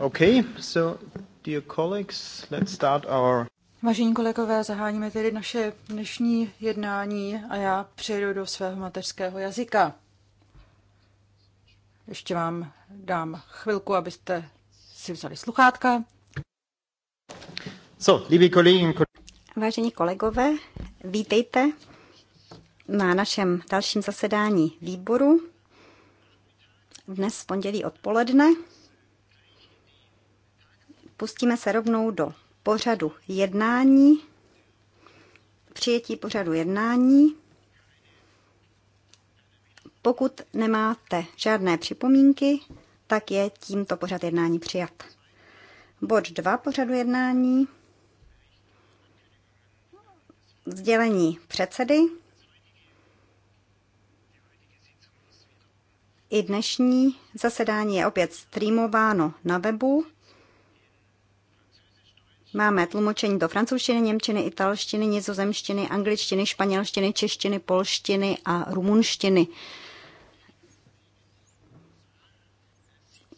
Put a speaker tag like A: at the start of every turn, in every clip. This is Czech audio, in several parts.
A: Okay, so dear colleagues, let's start our...
B: Vážení kolegové, zaháníme tedy naše dnešní jednání a já přejdu do svého mateřského jazyka. Ještě vám dám chvilku,
C: abyste si vzali sluchátka.
A: So, liebe Kollegen,
C: Vážení kolegové, vítejte na našem dalším zasedání výboru dnes v pondělí odpoledne. Pustíme se rovnou do pořadu jednání, přijetí pořadu jednání. Pokud nemáte žádné připomínky, tak je tímto pořad jednání přijat. Bod 2 pořadu jednání. Sdělení předsedy. I dnešní zasedání je opět streamováno na webu. Máme tlumočení do francouzštiny, němčiny, italštiny, nizozemštiny, angličtiny, španělštiny, češtiny, polštiny a rumunštiny.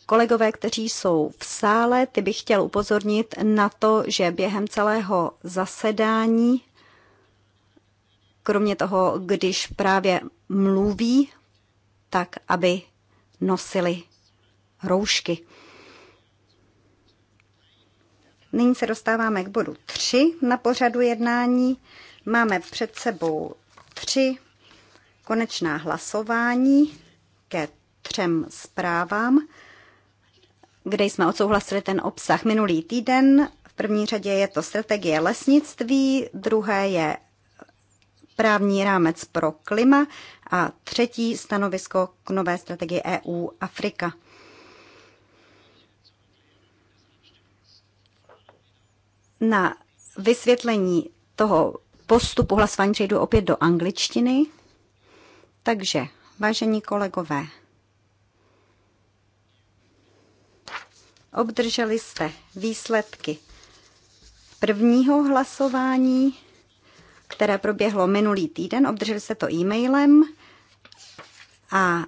C: Kolegové, kteří jsou v sále, ty bych chtěl upozornit na to, že během celého zasedání, kromě toho, když právě mluví, tak aby nosili roušky. Nyní se dostáváme k bodu 3 na pořadu jednání. Máme před sebou tři konečná hlasování ke třem zprávám, kde jsme odsouhlasili ten obsah minulý týden. V první řadě je to strategie lesnictví, druhé je právní rámec pro klima a třetí stanovisko k nové strategii EU Afrika. Na vysvětlení toho postupu hlasování přejdu opět do angličtiny. Takže, vážení kolegové, obdrželi jste výsledky prvního hlasování, které proběhlo minulý týden. Obdrželi jste to e-mailem a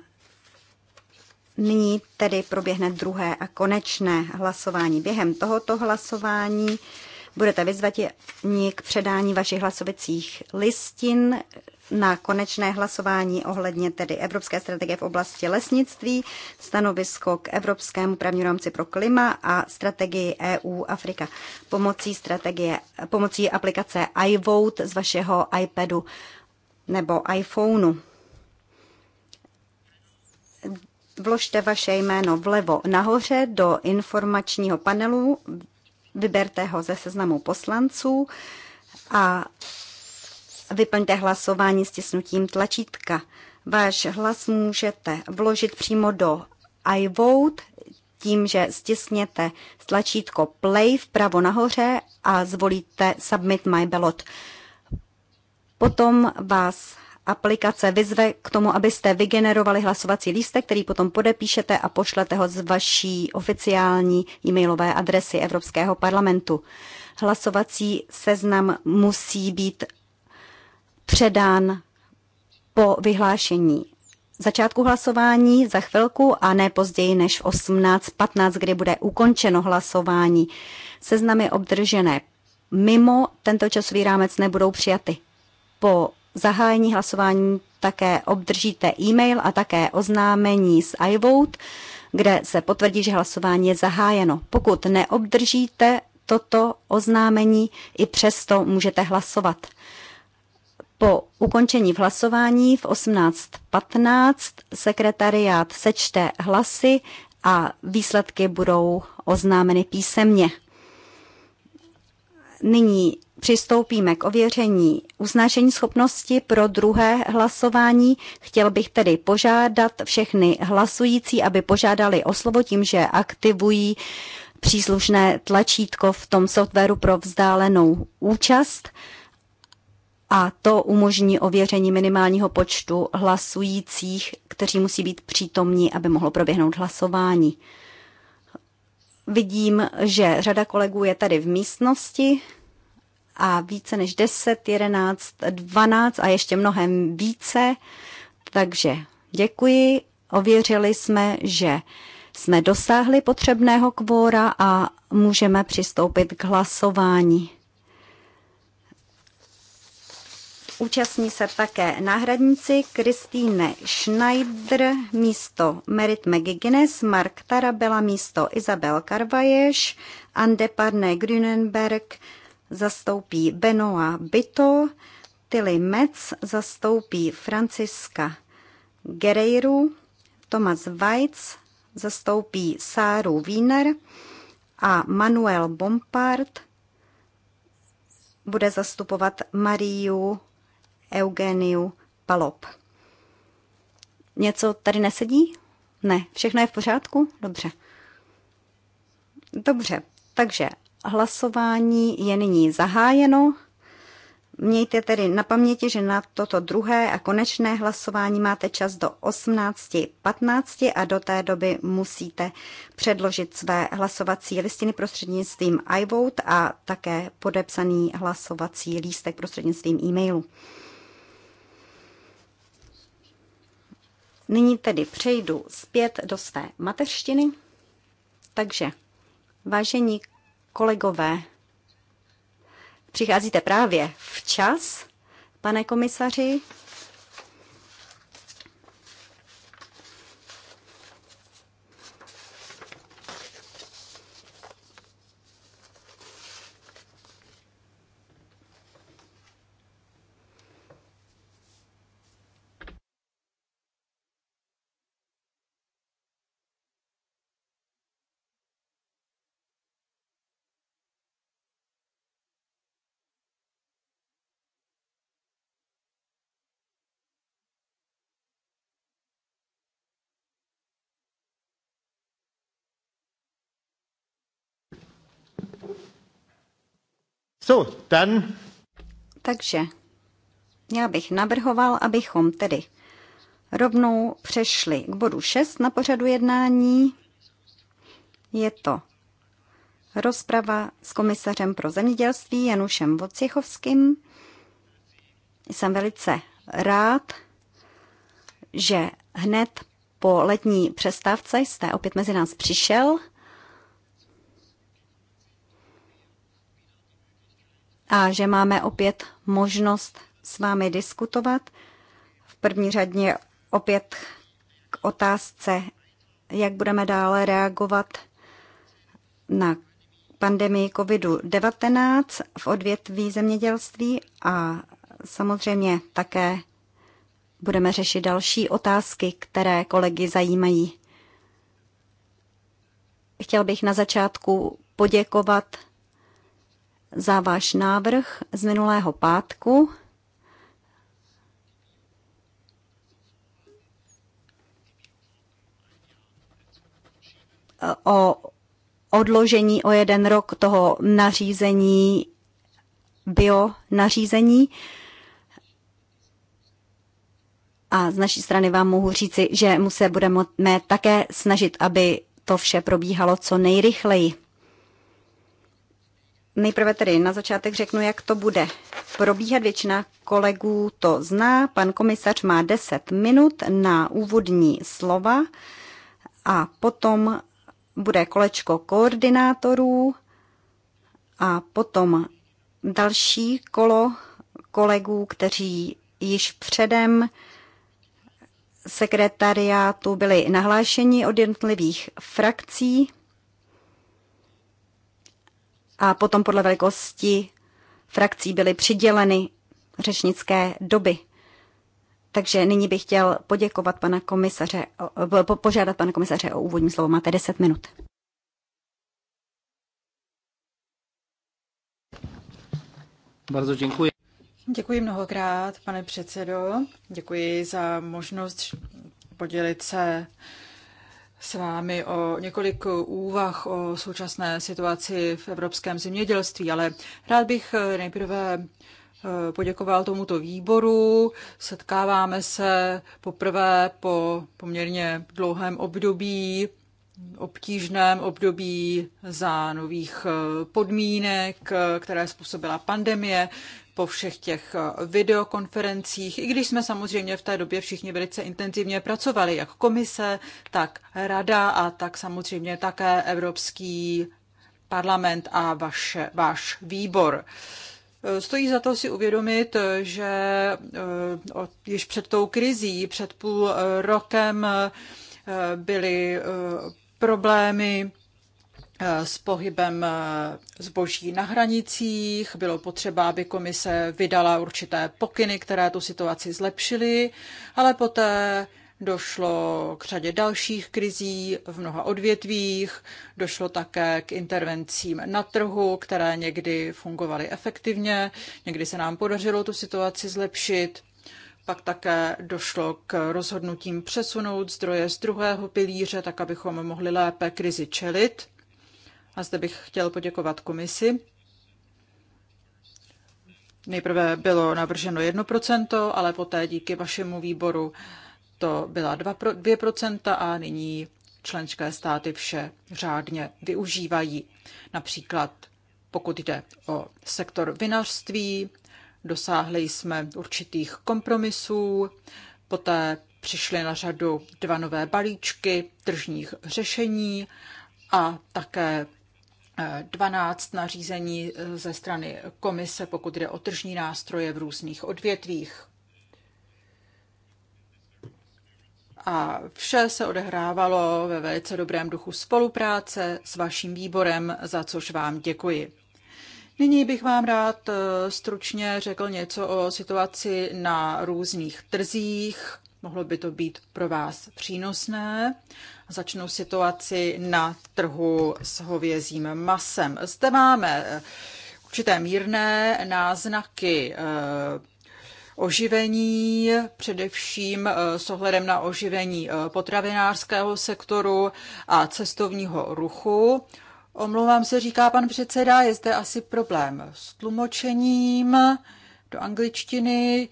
C: nyní tedy proběhne druhé a konečné hlasování. Během tohoto hlasování budete vyzvati k předání vašich hlasovacích listin na konečné hlasování ohledně tedy Evropské strategie v oblasti lesnictví, stanovisko k Evropskému právnímu rámci pro klima a strategii EU Afrika pomocí, strategie, pomocí aplikace iVote z vašeho iPadu nebo iPhoneu. Vložte vaše jméno vlevo nahoře do informačního panelu vyberte ho ze seznamu poslanců a vyplňte hlasování stisnutím tlačítka. Váš hlas můžete vložit přímo do iVote tím, že stisněte tlačítko Play vpravo nahoře a zvolíte Submit my ballot. Potom vás aplikace vyzve k tomu, abyste vygenerovali hlasovací lístek, který potom podepíšete a pošlete ho z vaší oficiální e-mailové adresy Evropského parlamentu. Hlasovací seznam musí být předán po vyhlášení začátku hlasování za chvilku a ne později než v 18.15, kdy bude ukončeno hlasování. Seznamy obdržené mimo tento časový rámec nebudou přijaty. Po zahájení hlasování také obdržíte e-mail a také oznámení z iVote, kde se potvrdí, že hlasování je zahájeno. Pokud neobdržíte toto oznámení, i přesto můžete hlasovat. Po ukončení v hlasování v 18.15 sekretariát sečte hlasy a výsledky budou oznámeny písemně. Nyní přistoupíme k ověření uznažení schopnosti pro druhé hlasování. Chtěl bych tedy požádat všechny hlasující, aby požádali o slovo tím, že aktivují příslušné tlačítko v tom softwaru pro vzdálenou účast a to umožní ověření minimálního počtu hlasujících, kteří musí být přítomní, aby mohlo proběhnout hlasování. Vidím, že řada kolegů je tady v místnosti a více než 10, 11, 12 a ještě mnohem více. Takže děkuji. Ověřili jsme, že jsme dosáhli potřebného kvóra a můžeme přistoupit k hlasování. Účastní se také náhradníci Kristýne Schneider místo Merit McGuinness, Mark Tarabela místo Isabel Karvaješ, Andeparne Grünenberg, zastoupí Benoa Bito, Tilly Metz zastoupí Franciska Guerreiru, Thomas Weitz zastoupí Sáru Wiener a Manuel Bompard bude zastupovat Mariu Eugeniu Palop. Něco tady nesedí? Ne, všechno je v pořádku? Dobře. Dobře, takže Hlasování je nyní zahájeno. Mějte tedy na paměti, že na toto druhé a konečné hlasování máte čas do 18.15 a do té doby musíte předložit své hlasovací listiny prostřednictvím iVote a také podepsaný hlasovací lístek prostřednictvím e-mailu. Nyní tedy přejdu zpět do své mateřštiny. Takže, vážení Kolegové, přicházíte právě včas, pane komisaři. So, dann. Takže já bych navrhoval, abychom tedy rovnou přešli k bodu 6 na pořadu jednání. Je to rozprava s komisařem pro zemědělství Janušem Vocichovským. Jsem velice rád, že hned po letní přestávce jste opět mezi nás přišel. a že máme opět možnost s vámi diskutovat. V první řadě opět k otázce, jak budeme dále reagovat na pandemii COVID-19 v odvětví zemědělství a samozřejmě také budeme řešit další otázky, které kolegy zajímají. Chtěl bych na začátku poděkovat za váš návrh z minulého pátku. o odložení o jeden rok toho nařízení, bio nařízení. A z naší strany vám mohu říci, že mu se budeme také snažit, aby to vše probíhalo co nejrychleji. Nejprve tedy na začátek řeknu, jak to bude probíhat. Většina kolegů to zná. Pan komisař má 10 minut na úvodní slova a potom bude kolečko koordinátorů a potom další kolo kolegů, kteří již předem sekretariátu byli nahlášeni od jednotlivých frakcí a potom podle velikosti frakcí byly přiděleny řečnické doby. Takže nyní bych chtěl poděkovat pana komisaře, eh, požádat pana komisaře o úvodní slovo. Máte 10 minut.
A: Bardzo děkuji.
B: Děkuji mnohokrát, pane předsedo. Děkuji za možnost podělit se s vámi o několik úvah o současné situaci v evropském zemědělství, ale rád bych eh, nejprve eh, poděkoval tomuto výboru. Setkáváme se poprvé po poměrně dlouhém období, obtížném období za nových eh, podmínek, které způsobila pandemie po všech těch eh, videokonferencích, i když jsme samozřejmě v té době všichni velice intenzivně pracovali, jak komise, tak rada a tak samozřejmě také Evropský parlament a vaš, váš výbor. Eh, stojí za to si uvědomit, že eh, již před tou krizí, před půl rokem byly problémy Eh, s pohybem eh, zboží na hranicích. Bylo potřeba, aby komise vydala určité pokyny, které tu situaci zlepšily, ale poté došlo k řadě dalších krizí v mnoha odvětvích, došlo také k intervencím na trhu, které někdy fungovaly efektivně, někdy se nám podařilo tu situaci zlepšit. Pak také došlo k rozhodnutím přesunout zdroje z druhého pilíře, tak abychom mohli lépe krizi čelit. A zde bych chtěl poděkovat komisi. Nejprve bylo navrženo 1%, ale poté díky vašemu výboru to byla 2% a nyní členské státy vše řádně využívají. Například pokud jde o sektor vinařství, dosáhli jsme určitých kompromisů, poté přišly na řadu dva nové balíčky tržních řešení a také 12 nařízení eh, ze strany komise, pokud jde o tržní nástroje v různých odvětvích. A vše se odehrávalo ve velice dobrém duchu spolupráce s vaším výborem, za což vám děkuji. Nyní bych vám rád eh, stručně řekl něco o situaci na různých trzích. Mohlo by to být pro vás přínosné začnou situaci na trhu s hovězím masem. Zde máme eh, určité mírné náznaky eh, oživení, především eh, s ohledem na oživení potravinářského sektoru a cestovního ruchu. Omlouvám se, říká pan předseda, je zde asi problém s tlumočením do angličtiny.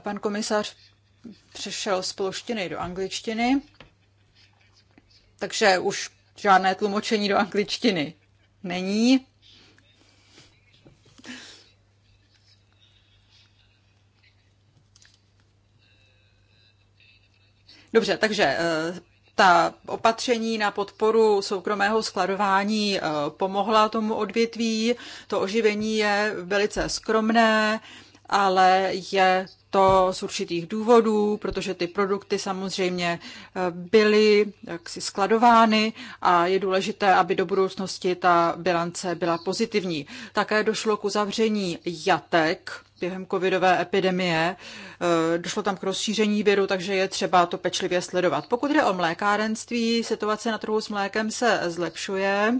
B: Pan komisař přešel z polštiny do angličtiny takže už žádné tlumočení do angličtiny není. Dobře, takže eh, ta opatření na podporu soukromého skladování eh, pomohla tomu odvětví. To oživení je velice skromné, ale je to z určitých důvodů, protože ty produkty samozřejmě eh, byly jaksi skladovány a je důležité, aby do budoucnosti ta bilance byla pozitivní. Také došlo k uzavření jatek během covidové epidemie. Eh, došlo tam k rozšíření viru, takže je třeba to pečlivě sledovat. Pokud jde o mlékárenství, situace na trhu s mlékem se zlepšuje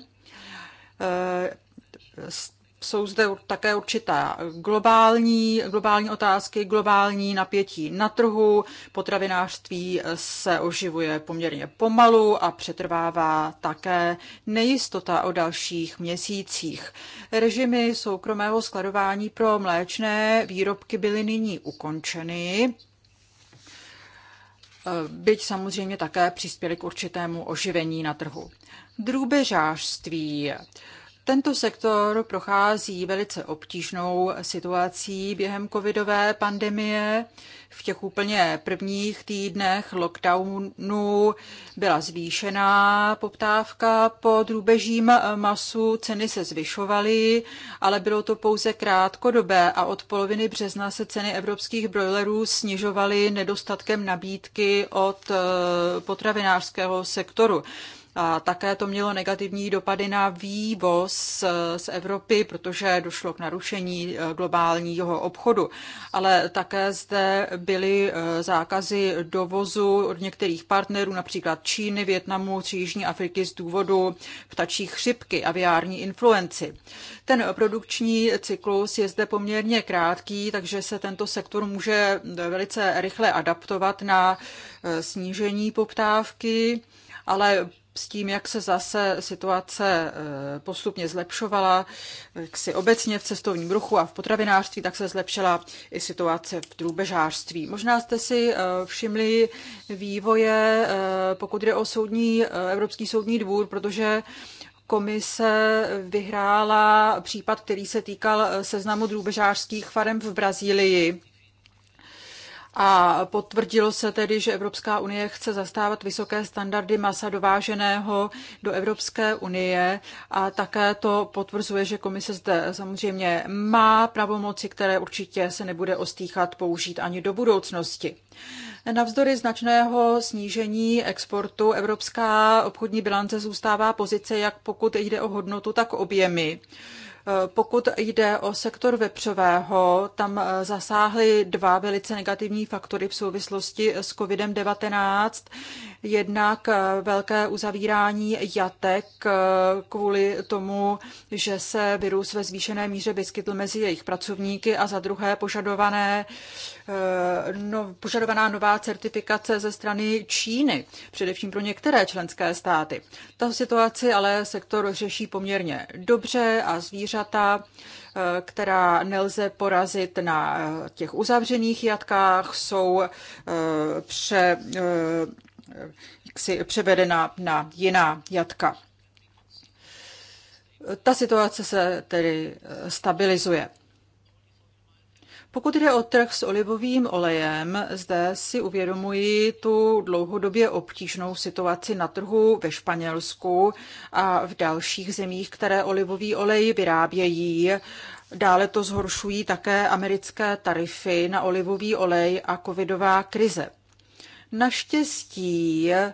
B: eh, jsou zde také určitá globální, globální otázky, globální napětí na trhu. Potravinářství se oživuje poměrně pomalu a přetrvává také nejistota o dalších měsících. Režimy soukromého skladování pro mléčné výrobky byly nyní ukončeny. Byť samozřejmě také přispěly k určitému oživení na trhu. Drůbežářství. Tento sektor prochází velice obtížnou situací během covidové pandemie. V těch úplně prvních týdnech lockdownu byla zvýšená poptávka po drůbežím masu, ceny se zvyšovaly, ale bylo to pouze krátkodobé a od poloviny března se ceny evropských brojlerů snižovaly nedostatkem nabídky od eh, potravinářského sektoru. A také to mělo negativní dopady na vývoz eh, z Evropy, protože došlo k narušení eh, globálního obchodu. Ale také zde byly eh, zákazy dovozu od některých partnerů, například Číny, Větnamu či Jižní Afriky z důvodu ptačí chřipky, viární influenci. Ten produkční cyklus je zde poměrně krátký, takže se tento sektor může velice rychle adaptovat na snížení poptávky ale s tím, jak se zase situace eh, postupně zlepšovala, jak si obecně v cestovním ruchu a v potravinářství, tak se zlepšila i situace v drůbežářství. Možná jste si eh, všimli vývoje, eh, pokud jde o soudní, Evropský soudní dvůr, protože komise vyhrála případ, který se týkal seznamu drůbežářských farem v Brazílii a potvrdilo se tedy, že Evropská unie chce zastávat vysoké standardy masa dováženého do Evropské unie a také to potvrzuje, že komise zde samozřejmě má pravomoci, které určitě se nebude ostýchat použít ani do budoucnosti. Navzdory značného snížení exportu evropská obchodní bilance zůstává pozice jak pokud jde o hodnotu, tak objemy. Pokud jde o sektor vepřového, tam eh, zasáhly dva velice negativní faktory v souvislosti s COVID-19. Jednak eh, velké uzavírání jatek eh, kvůli tomu, že se virus ve zvýšené míře vyskytl mezi jejich pracovníky a za druhé požadované, eh, no, požadovaná nová certifikace ze strany Číny, především pro některé členské státy. Ta situaci ale sektor řeší poměrně dobře a zvířata která nelze porazit na těch uzavřených jatkách, jsou pře, jaksi převedena na jiná jatka. Ta situace se tedy eh, stabilizuje. Pokud jde o trh s olivovým olejem, zde si uvědomuji tu dlouhodobě obtížnou situaci na trhu ve Španělsku a v dalších zemích, které olivový olej vyrábějí. Dále to zhoršují také americké tarify na olivový olej a covidová krize. Naštěstí eh,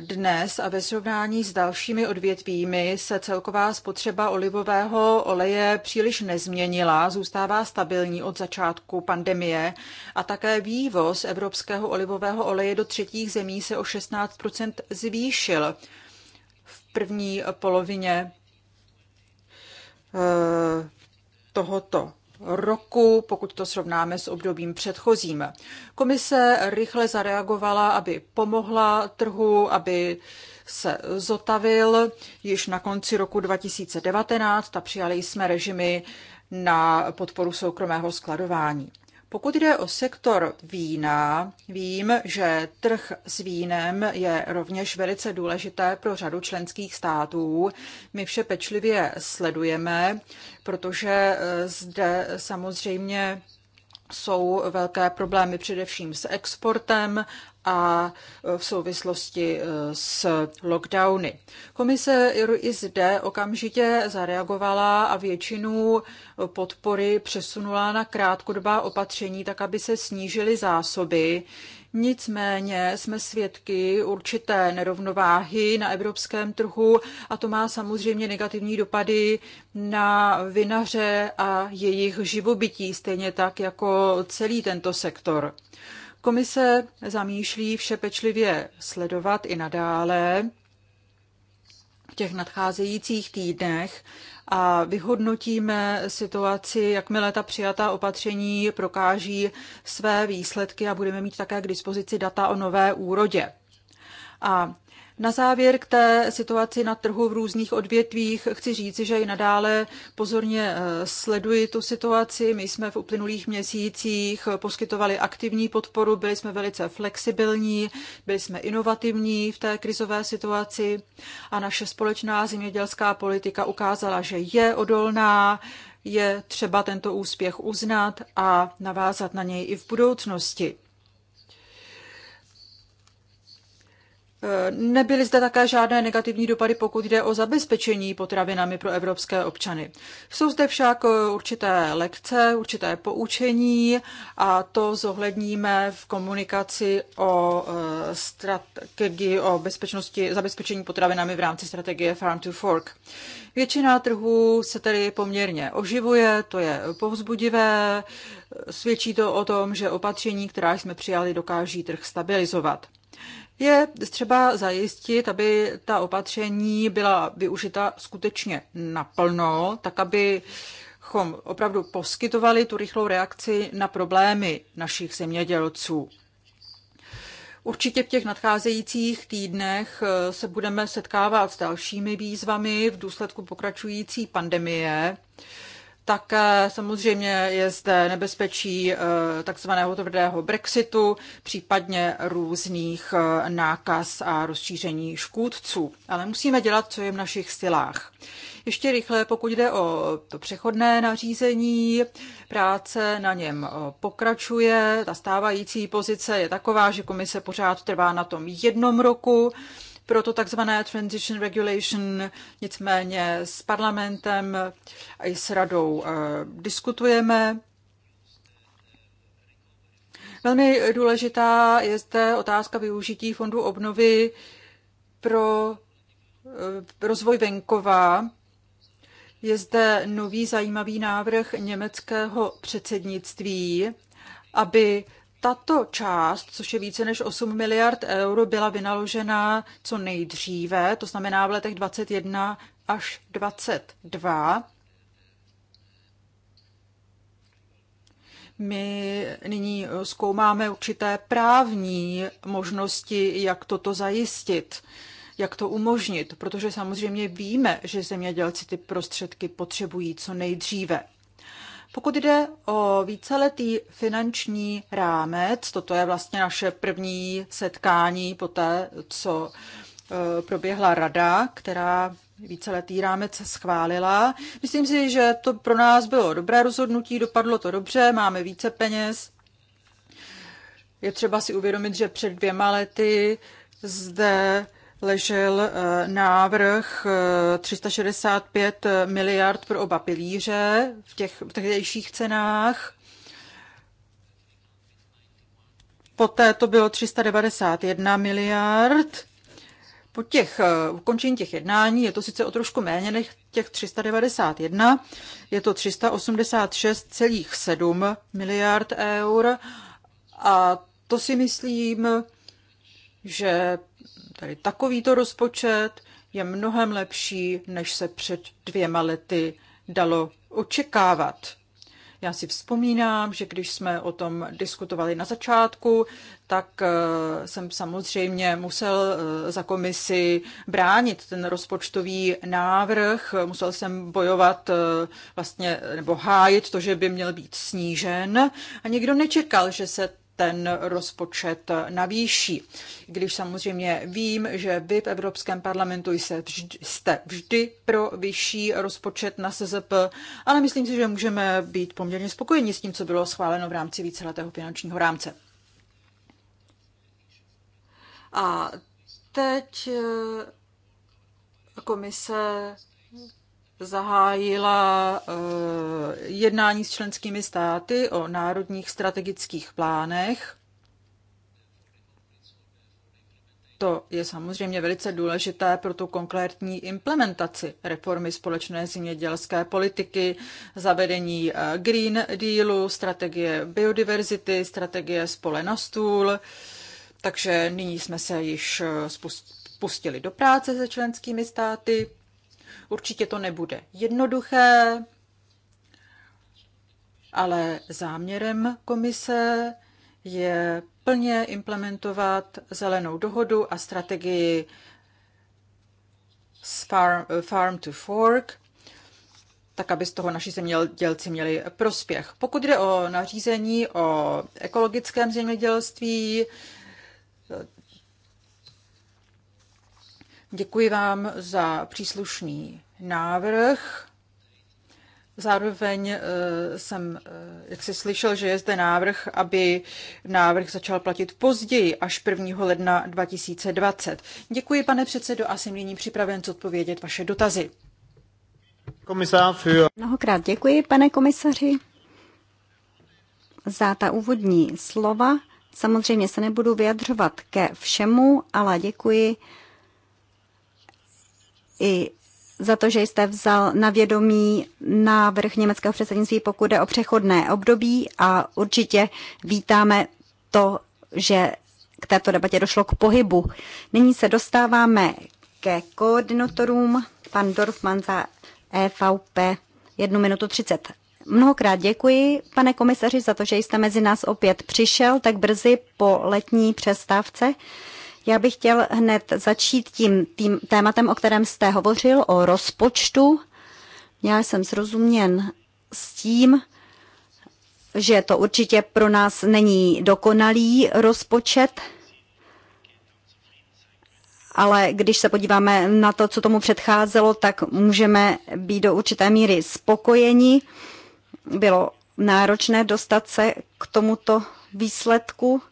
B: dnes a ve srovnání s dalšími odvětvími se celková spotřeba olivového oleje příliš nezměnila, zůstává stabilní od začátku pandemie a také vývoz evropského olivového oleje do třetích zemí se o 16 zvýšil v první polovině eh, tohoto roku, pokud to srovnáme s obdobím předchozím. Komise rychle zareagovala, aby pomohla trhu, aby se zotavil. Již na konci roku 2019 a přijali jsme režimy na podporu soukromého skladování. Pokud jde o sektor vína, vím, že trh s vínem je rovněž velice důležité pro řadu členských států. My vše pečlivě sledujeme, protože eh, zde samozřejmě jsou velké problémy především s exportem a v souvislosti eh, s lockdowny. Komise i zde okamžitě zareagovala a většinu podpory přesunula na krátkodobá opatření, tak aby se snížily zásoby. Nicméně jsme svědky určité nerovnováhy na evropském trhu a to má samozřejmě negativní dopady na vinaře a jejich živobytí, stejně tak jako celý tento sektor. Komise zamýšlí vše pečlivě sledovat i nadále v těch nadcházejících týdnech a vyhodnotíme situaci, jakmile ta přijatá opatření prokáží své výsledky a budeme mít také k dispozici data o nové úrodě. A na závěr k té situaci na trhu v různých odvětvích chci říci, že i nadále pozorně eh, sleduji tu situaci. My jsme v uplynulých měsících eh, poskytovali aktivní podporu, byli jsme velice flexibilní, byli jsme inovativní v té krizové situaci a naše společná zemědělská politika ukázala, že je odolná, je třeba tento úspěch uznat a navázat na něj i v budoucnosti. Nebyly zde také žádné negativní dopady, pokud jde o zabezpečení potravinami pro evropské občany. Jsou zde však eh, určité lekce, určité poučení a to zohledníme v komunikaci o eh, strategii o bezpečnosti, zabezpečení potravinami v rámci strategie Farm to Fork. Většina trhů se tedy poměrně oživuje, to je povzbudivé, svědčí to o tom, že opatření, která jsme přijali, dokáží trh stabilizovat je třeba zajistit, aby ta opatření byla využita skutečně naplno, tak aby opravdu poskytovali tu rychlou reakci na problémy našich zemědělců. Určitě v těch nadcházejících týdnech eh, se budeme setkávat s dalšími výzvami v důsledku pokračující pandemie. Také eh, samozřejmě je zde nebezpečí eh, takzvaného tvrdého Brexitu, případně různých eh, nákaz a rozšíření škůdců. Ale musíme dělat, co je v našich silách. Ještě rychle, pokud jde o to přechodné nařízení, práce na něm pokračuje. Ta stávající pozice je taková, že komise pořád trvá na tom jednom roku pro to tzv. transition regulation. Nicméně s parlamentem a i s radou eh, diskutujeme. Velmi důležitá je zde otázka využití fondu obnovy pro eh, rozvoj venkova. Je zde nový zajímavý návrh německého předsednictví, aby tato část, což je více než 8 miliard euro, byla vynaložena co nejdříve, to znamená v letech 21 až 22. My nyní zkoumáme určité právní možnosti, jak toto zajistit, jak to umožnit, protože samozřejmě víme, že zemědělci ty prostředky potřebují co nejdříve. Pokud jde o víceletý finanční rámec, toto je vlastně naše první setkání po té, co e, proběhla rada, která víceletý rámec schválila. Myslím si, že to pro nás bylo dobré rozhodnutí, dopadlo to dobře, máme více peněz. Je třeba si uvědomit, že před dvěma lety zde ležel eh, návrh 365 eh, miliard pro oba pilíře v těch tehdejších cenách. Poté to bylo 391 miliard. Po těch eh, ukončení těch jednání je to sice o trošku méně než těch 391, je to 386,7 miliard eur a to si myslím, že Tady takovýto rozpočet je mnohem lepší, než se před dvěma lety dalo očekávat. Já si vzpomínám, že když jsme o tom diskutovali na začátku, tak eh, jsem samozřejmě musel eh, za komisi bránit ten rozpočtový návrh. Musel jsem bojovat eh, vlastně nebo hájit to, že by měl být snížen. A nikdo nečekal, že se ten rozpočet navýší. Když samozřejmě vím, že vy v Evropském parlamentu jste vždy pro vyšší rozpočet na SZP, ale myslím si, že můžeme být poměrně spokojeni s tím, co bylo schváleno v rámci víceletého finančního rámce. A teď eh, komise zahájila eh, jednání s členskými státy o národních strategických plánech. To je samozřejmě velice důležité pro tu konkrétní implementaci reformy společné zemědělské politiky, zavedení eh, Green Dealu, strategie biodiverzity, strategie spole na stůl. Takže nyní jsme se již eh, spustili do práce se členskými státy. Určitě to nebude jednoduché, ale záměrem komise je plně implementovat zelenou dohodu a strategii farm, farm to Fork, tak aby z toho naši zemědělci měli prospěch. Pokud jde o nařízení o ekologickém zemědělství, Děkuji vám za příslušný návrh. Zároveň eh, jsem eh, jak si slyšel, že je zde návrh, aby návrh začal platit později, až 1. ledna 2020. Děkuji, pane předsedo, a jsem nyní připraven zodpovědět
C: vaše dotazy. Komisář. Mnohokrát děkuji, pane komisaři, za ta úvodní slova. Samozřejmě se nebudu vyjadřovat ke všemu, ale děkuji i za to, že jste vzal na vědomí návrh německého předsednictví, pokud jde o přechodné období a určitě vítáme to, že k této debatě došlo k pohybu. Nyní se dostáváme ke koordinatorům. Pan Dorfman za EVP 1 minutu 30. Mnohokrát děkuji, pane komisaři, za to, že jste mezi nás opět přišel tak brzy po letní přestávce. Já bych chtěl hned začít tím, tím tématem, o kterém jste hovořil, o rozpočtu. Já jsem srozuměn s tím, že to určitě pro nás není dokonalý rozpočet, ale když se podíváme na to, co tomu předcházelo, tak můžeme být do určité míry spokojeni. Bylo náročné dostat se k tomuto výsledku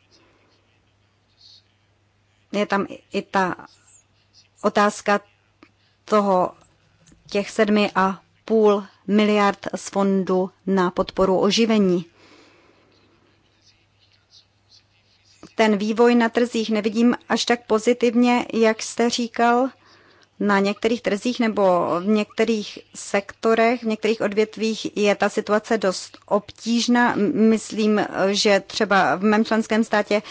C: je tam i ta otázka toho těch sedmi a půl miliard z fondu na podporu oživení. Ten vývoj na trzích nevidím až tak pozitivně, jak jste říkal. Na některých trzích nebo v některých sektorech, v některých odvětvích je ta situace dost obtížná. Myslím, že třeba v mém členském státě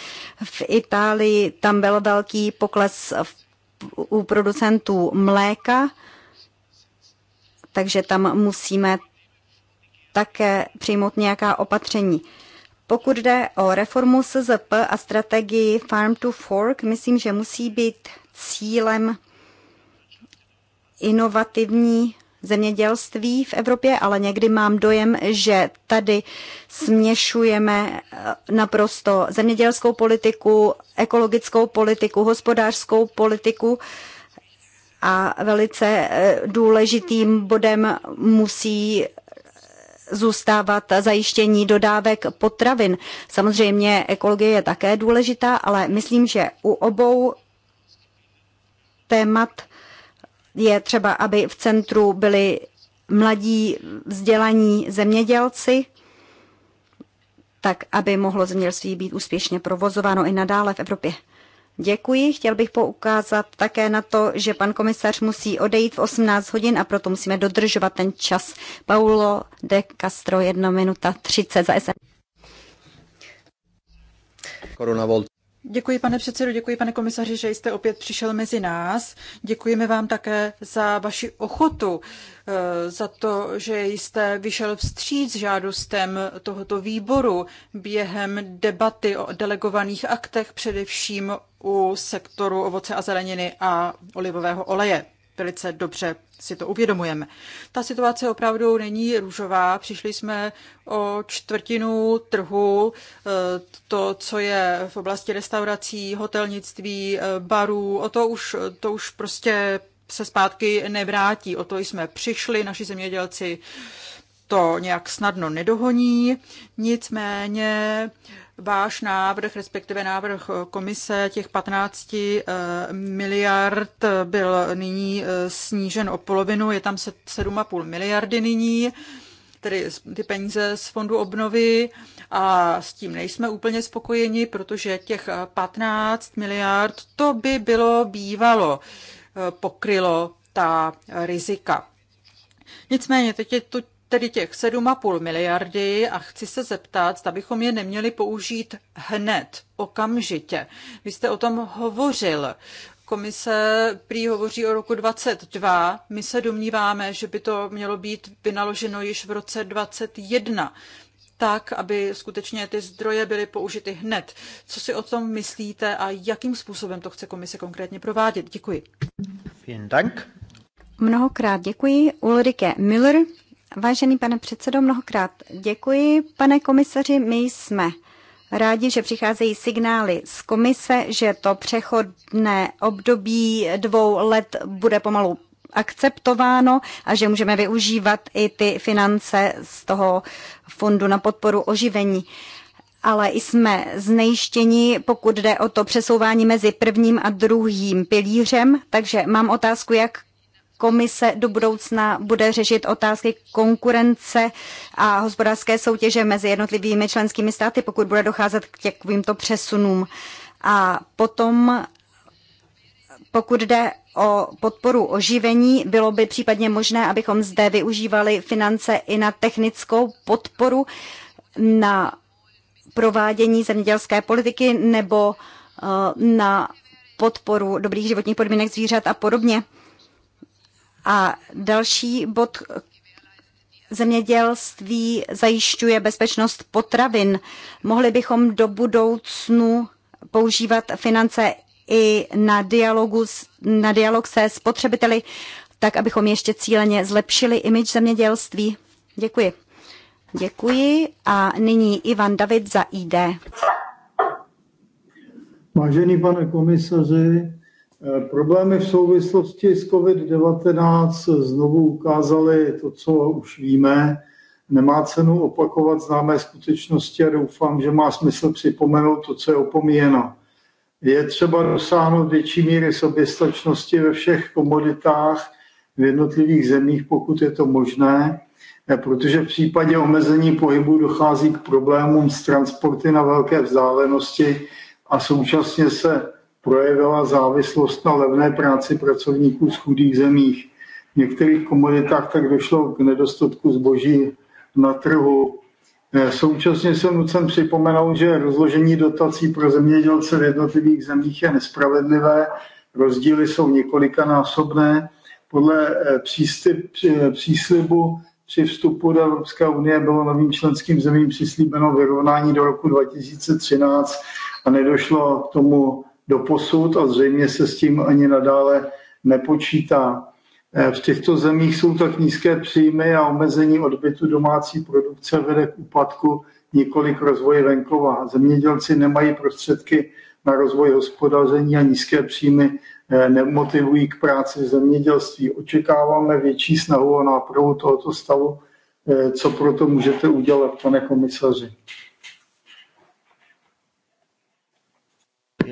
C: v Itálii tam byl velký pokles u producentů mléka, takže tam musíme také přijmout nějaká opatření. Pokud jde o reformu SZP a strategii Farm to Fork, myslím, že musí být cílem inovativní zemědělství v Evropě, ale někdy mám dojem, že tady směšujeme eh, naprosto zemědělskou politiku, ekologickou politiku, hospodářskou politiku a velice eh, důležitým bodem musí eh, zůstávat zajištění dodávek potravin. Samozřejmě ekologie je také důležitá, ale myslím, že u obou témat je třeba, aby v centru byli mladí vzdělaní zemědělci, tak aby mohlo zemědělství být úspěšně provozováno i nadále v Evropě. Děkuji. Chtěl bych poukázat také na to, že pan komisař musí odejít v 18 hodin a proto musíme dodržovat ten čas. Paulo de Castro, 1 minuta 30 za SM. Koronavolt.
B: Děkuji, pane předsedo, děkuji, pane komisaři, že jste opět přišel mezi nás. Děkujeme vám také za vaši ochotu, eh, za to, že jste vyšel vstříc žádostem tohoto výboru během debaty o delegovaných aktech, především u sektoru ovoce a zeleniny a olivového oleje velice dobře si to uvědomujeme. Ta situace opravdu není růžová. Přišli jsme o čtvrtinu trhu, eh, to, co je v oblasti restaurací, hotelnictví, eh, barů, o to už, to už prostě se zpátky nevrátí. O to jsme přišli, naši zemědělci to nějak snadno nedohoní. Nicméně váš návrh, respektive návrh komise těch 15 eh, miliard byl nyní eh, snížen o polovinu, je tam 7,5 miliardy nyní tedy ty peníze z fondu obnovy a s tím nejsme úplně spokojeni, protože těch 15 eh, miliard to by bylo bývalo pokrylo ta rizika. Nicméně teď je to tedy těch 7,5 miliardy a chci se zeptat, zda bychom je neměli použít hned, okamžitě. Vy jste o tom hovořil. Komise prý hovoří o roku 22. My se domníváme, že by to mělo být vynaloženo již v roce 21 tak, aby skutečně ty zdroje byly použity hned. Co si o tom myslíte a jakým způsobem to chce komise konkrétně provádět? Děkuji. Vielen Dank.
C: Mnohokrát děkuji Ulrike Miller Vážený pane předsedo, mnohokrát děkuji. Pane komisaři, my jsme rádi, že přicházejí signály z komise, že to přechodné období dvou let bude pomalu akceptováno a že můžeme využívat i ty finance z toho fondu na podporu oživení. Ale jsme znejištěni, pokud jde o to přesouvání mezi prvním a druhým pilířem, takže mám otázku, jak komise do budoucna bude řešit otázky konkurence a hospodářské soutěže mezi jednotlivými členskými státy, pokud bude docházet k takovýmto přesunům. A potom, pokud jde o podporu oživení, bylo by případně možné, abychom zde využívali finance i na technickou podporu na provádění zemědělské politiky nebo eh, na podporu dobrých životních podmínek zvířat a podobně. A další bod zemědělství zajišťuje bezpečnost potravin. Mohli bychom do budoucnu používat finance i na, dialogu, na dialog se spotřebiteli, tak abychom ještě cíleně zlepšili imič zemědělství. Děkuji. Děkuji a nyní Ivan David za ID.
A: Vážený pane komisaři, Eh, problémy v souvislosti s COVID-19 znovu ukázaly to, co už víme. Nemá cenu opakovat známé skutečnosti a doufám, že má smysl připomenout to, co je opomíjeno. Je třeba dosáhnout větší míry soběstačnosti ve všech komoditách v jednotlivých zemích, pokud je to možné, eh, protože v případě omezení pohybu dochází k problémům s transporty na velké vzdálenosti a současně se projevila závislost na levné práci pracovníků z chudých zemích. V některých komoditách tak došlo k nedostatku zboží na trhu. Eh, současně jsem nucen připomenout, že rozložení dotací pro zemědělce v jednotlivých zemích je nespravedlivé, rozdíly jsou několikanásobné. Podle eh, eh, příslibu při vstupu do Evropské unie bylo novým členským zemím přislíbeno vyrovnání do roku 2013 a nedošlo k tomu do posud, a zřejmě se s tím ani nadále nepočítá. Eh, v těchto zemích jsou tak nízké příjmy a omezení odbytu domácí produkce vede k úpadku několik rozvoje venkova. Zemědělci nemají prostředky na rozvoj hospodaření a nízké příjmy eh, nemotivují k práci v zemědělství. Očekáváme větší snahu a nápravu tohoto stavu. Eh, co proto můžete udělat, pane komisaři?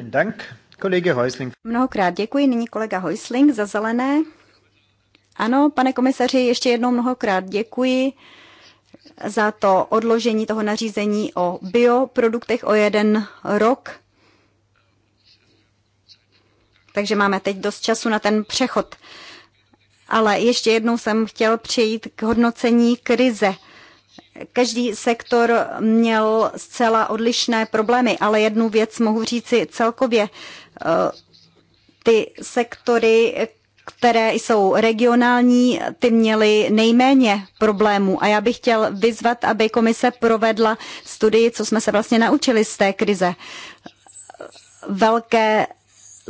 A: Vielen Dank, kolege
C: Mnohokrát děkuji. Nyní kolega Heusling za zelené. Ano, pane komisaři, ještě jednou mnohokrát děkuji za to odložení toho nařízení o bioproduktech o jeden rok. Takže máme teď dost času na ten přechod. Ale ještě jednou jsem chtěl přejít k hodnocení krize. Každý sektor měl zcela odlišné problémy, ale jednu věc mohu říci celkově. Eh, ty sektory, které jsou regionální, ty měly nejméně problémů. A já bych chtěl vyzvat, aby komise provedla studii, co jsme se vlastně naučili z té krize. Velké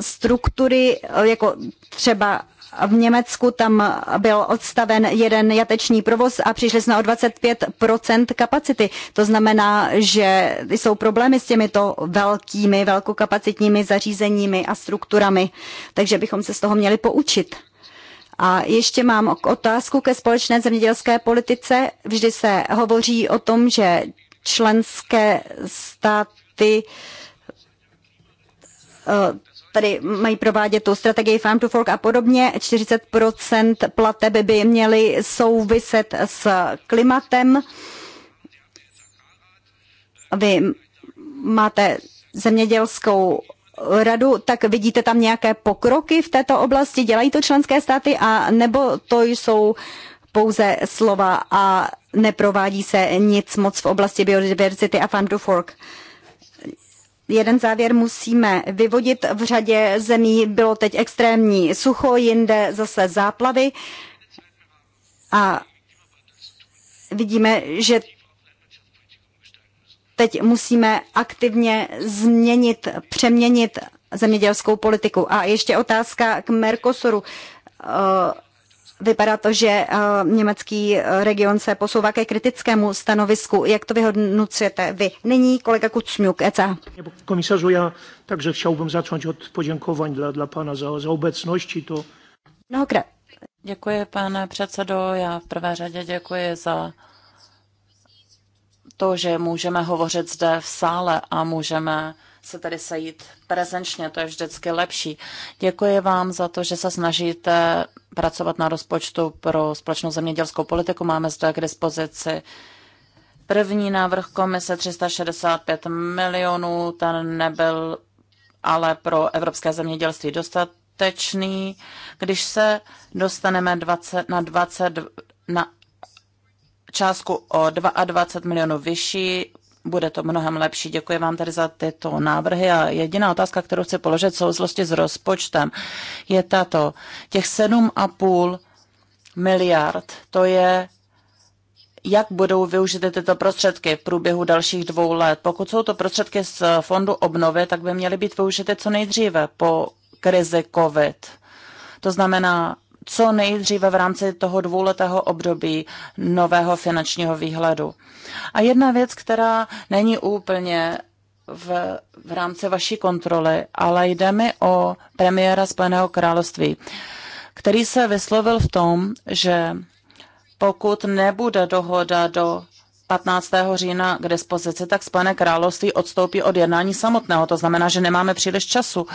C: struktury, jako třeba v Německu tam byl odstaven jeden jateční provoz a přišli jsme o 25 kapacity. To znamená, že jsou problémy s těmito velkými, velkokapacitními zařízeními a strukturami, takže bychom se z toho měli poučit. A ještě mám otázku ke společné zemědělské politice. Vždy se hovoří o tom, že členské státy eh, tady mají provádět tu strategii Farm to Fork a podobně. 40% plateb by měly souviset s klimatem. Vy máte zemědělskou radu, tak vidíte tam nějaké pokroky v této oblasti? Dělají to členské státy a nebo to jsou pouze slova a neprovádí se nic moc v oblasti biodiverzity a farm to fork? Uh, jeden závěr musíme vyvodit. V řadě zemí bylo teď extrémní sucho, jinde zase záplavy. A vidíme, že teď musíme aktivně změnit, přeměnit zemědělskou politiku. A ještě otázka k Mercosuru. Vypadá to, že eh, německý eh, region se posouvá ke kritickému stanovisku. Jak to vyhodnocujete vy? Nyní kolega Kucmiuk, ECA.
A: Komisařu, já takže chtěl bych začít od poděkování dla, dla pana za, za obecnost. To...
C: Mnohokrát.
D: Děkuji, pane předsedo. Já v prvé řadě děkuji za to, že můžeme hovořit zde v sále a můžeme se tady sejít prezenčně, to je vždycky lepší. Děkuji vám za to, že se snažíte pracovat na rozpočtu pro společnou zemědělskou politiku. Máme zde k dispozici první návrh komise 365 milionů, ten nebyl ale pro evropské zemědělství dostatečný. Když se dostaneme 20, na 20 na částku o 22 milionů vyšší, bude to mnohem lepší. Děkuji vám tady za tyto návrhy a jediná otázka, kterou chci položit v souvislosti s rozpočtem, je tato. Těch 7,5 miliard, to je jak budou využity tyto prostředky v průběhu dalších dvou let. Pokud jsou to prostředky z fondu obnovy, tak by měly být využity co nejdříve po krizi COVID. To znamená, co nejdříve v rámci toho dvouletého období nového finančního výhledu. A jedna věc, která není úplně v, v rámci vaší kontroly, ale jde mi o premiéra Spojeného království, který se vyslovil v tom, že pokud nebude dohoda do 15. října k dispozici, tak Spojené království odstoupí od jednání samotného. To znamená, že nemáme příliš času.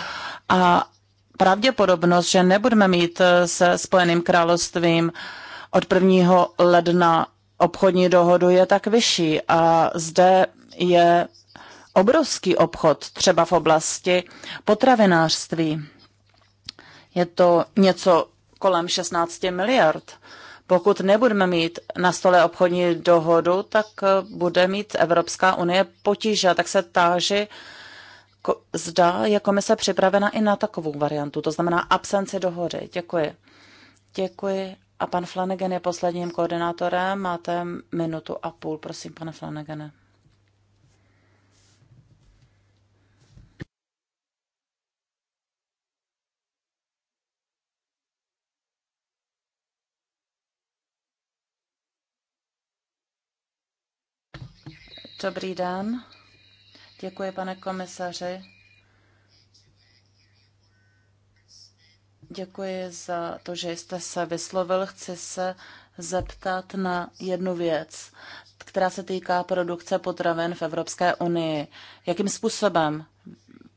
D: A pravděpodobnost, že nebudeme mít eh, se Spojeným královstvím od 1. ledna obchodní dohodu, je tak vyšší. A zde je obrovský obchod, třeba v oblasti potravinářství. Je to něco kolem 16 miliard. Pokud nebudeme mít na stole obchodní dohodu, tak eh, bude mít Evropská unie potíže. Tak se táži, zda je komise připravena i na takovou variantu, to znamená absenci dohody. Děkuji. Děkuji. A pan Flanagan je posledním koordinátorem. Máte minutu a půl, prosím, pane Flanagane. Dobrý den. Děkuji, pane komisaři. Děkuji za to, že jste se vyslovil. Chci se zeptat na jednu věc, která se týká produkce potravin v Evropské unii. Jakým způsobem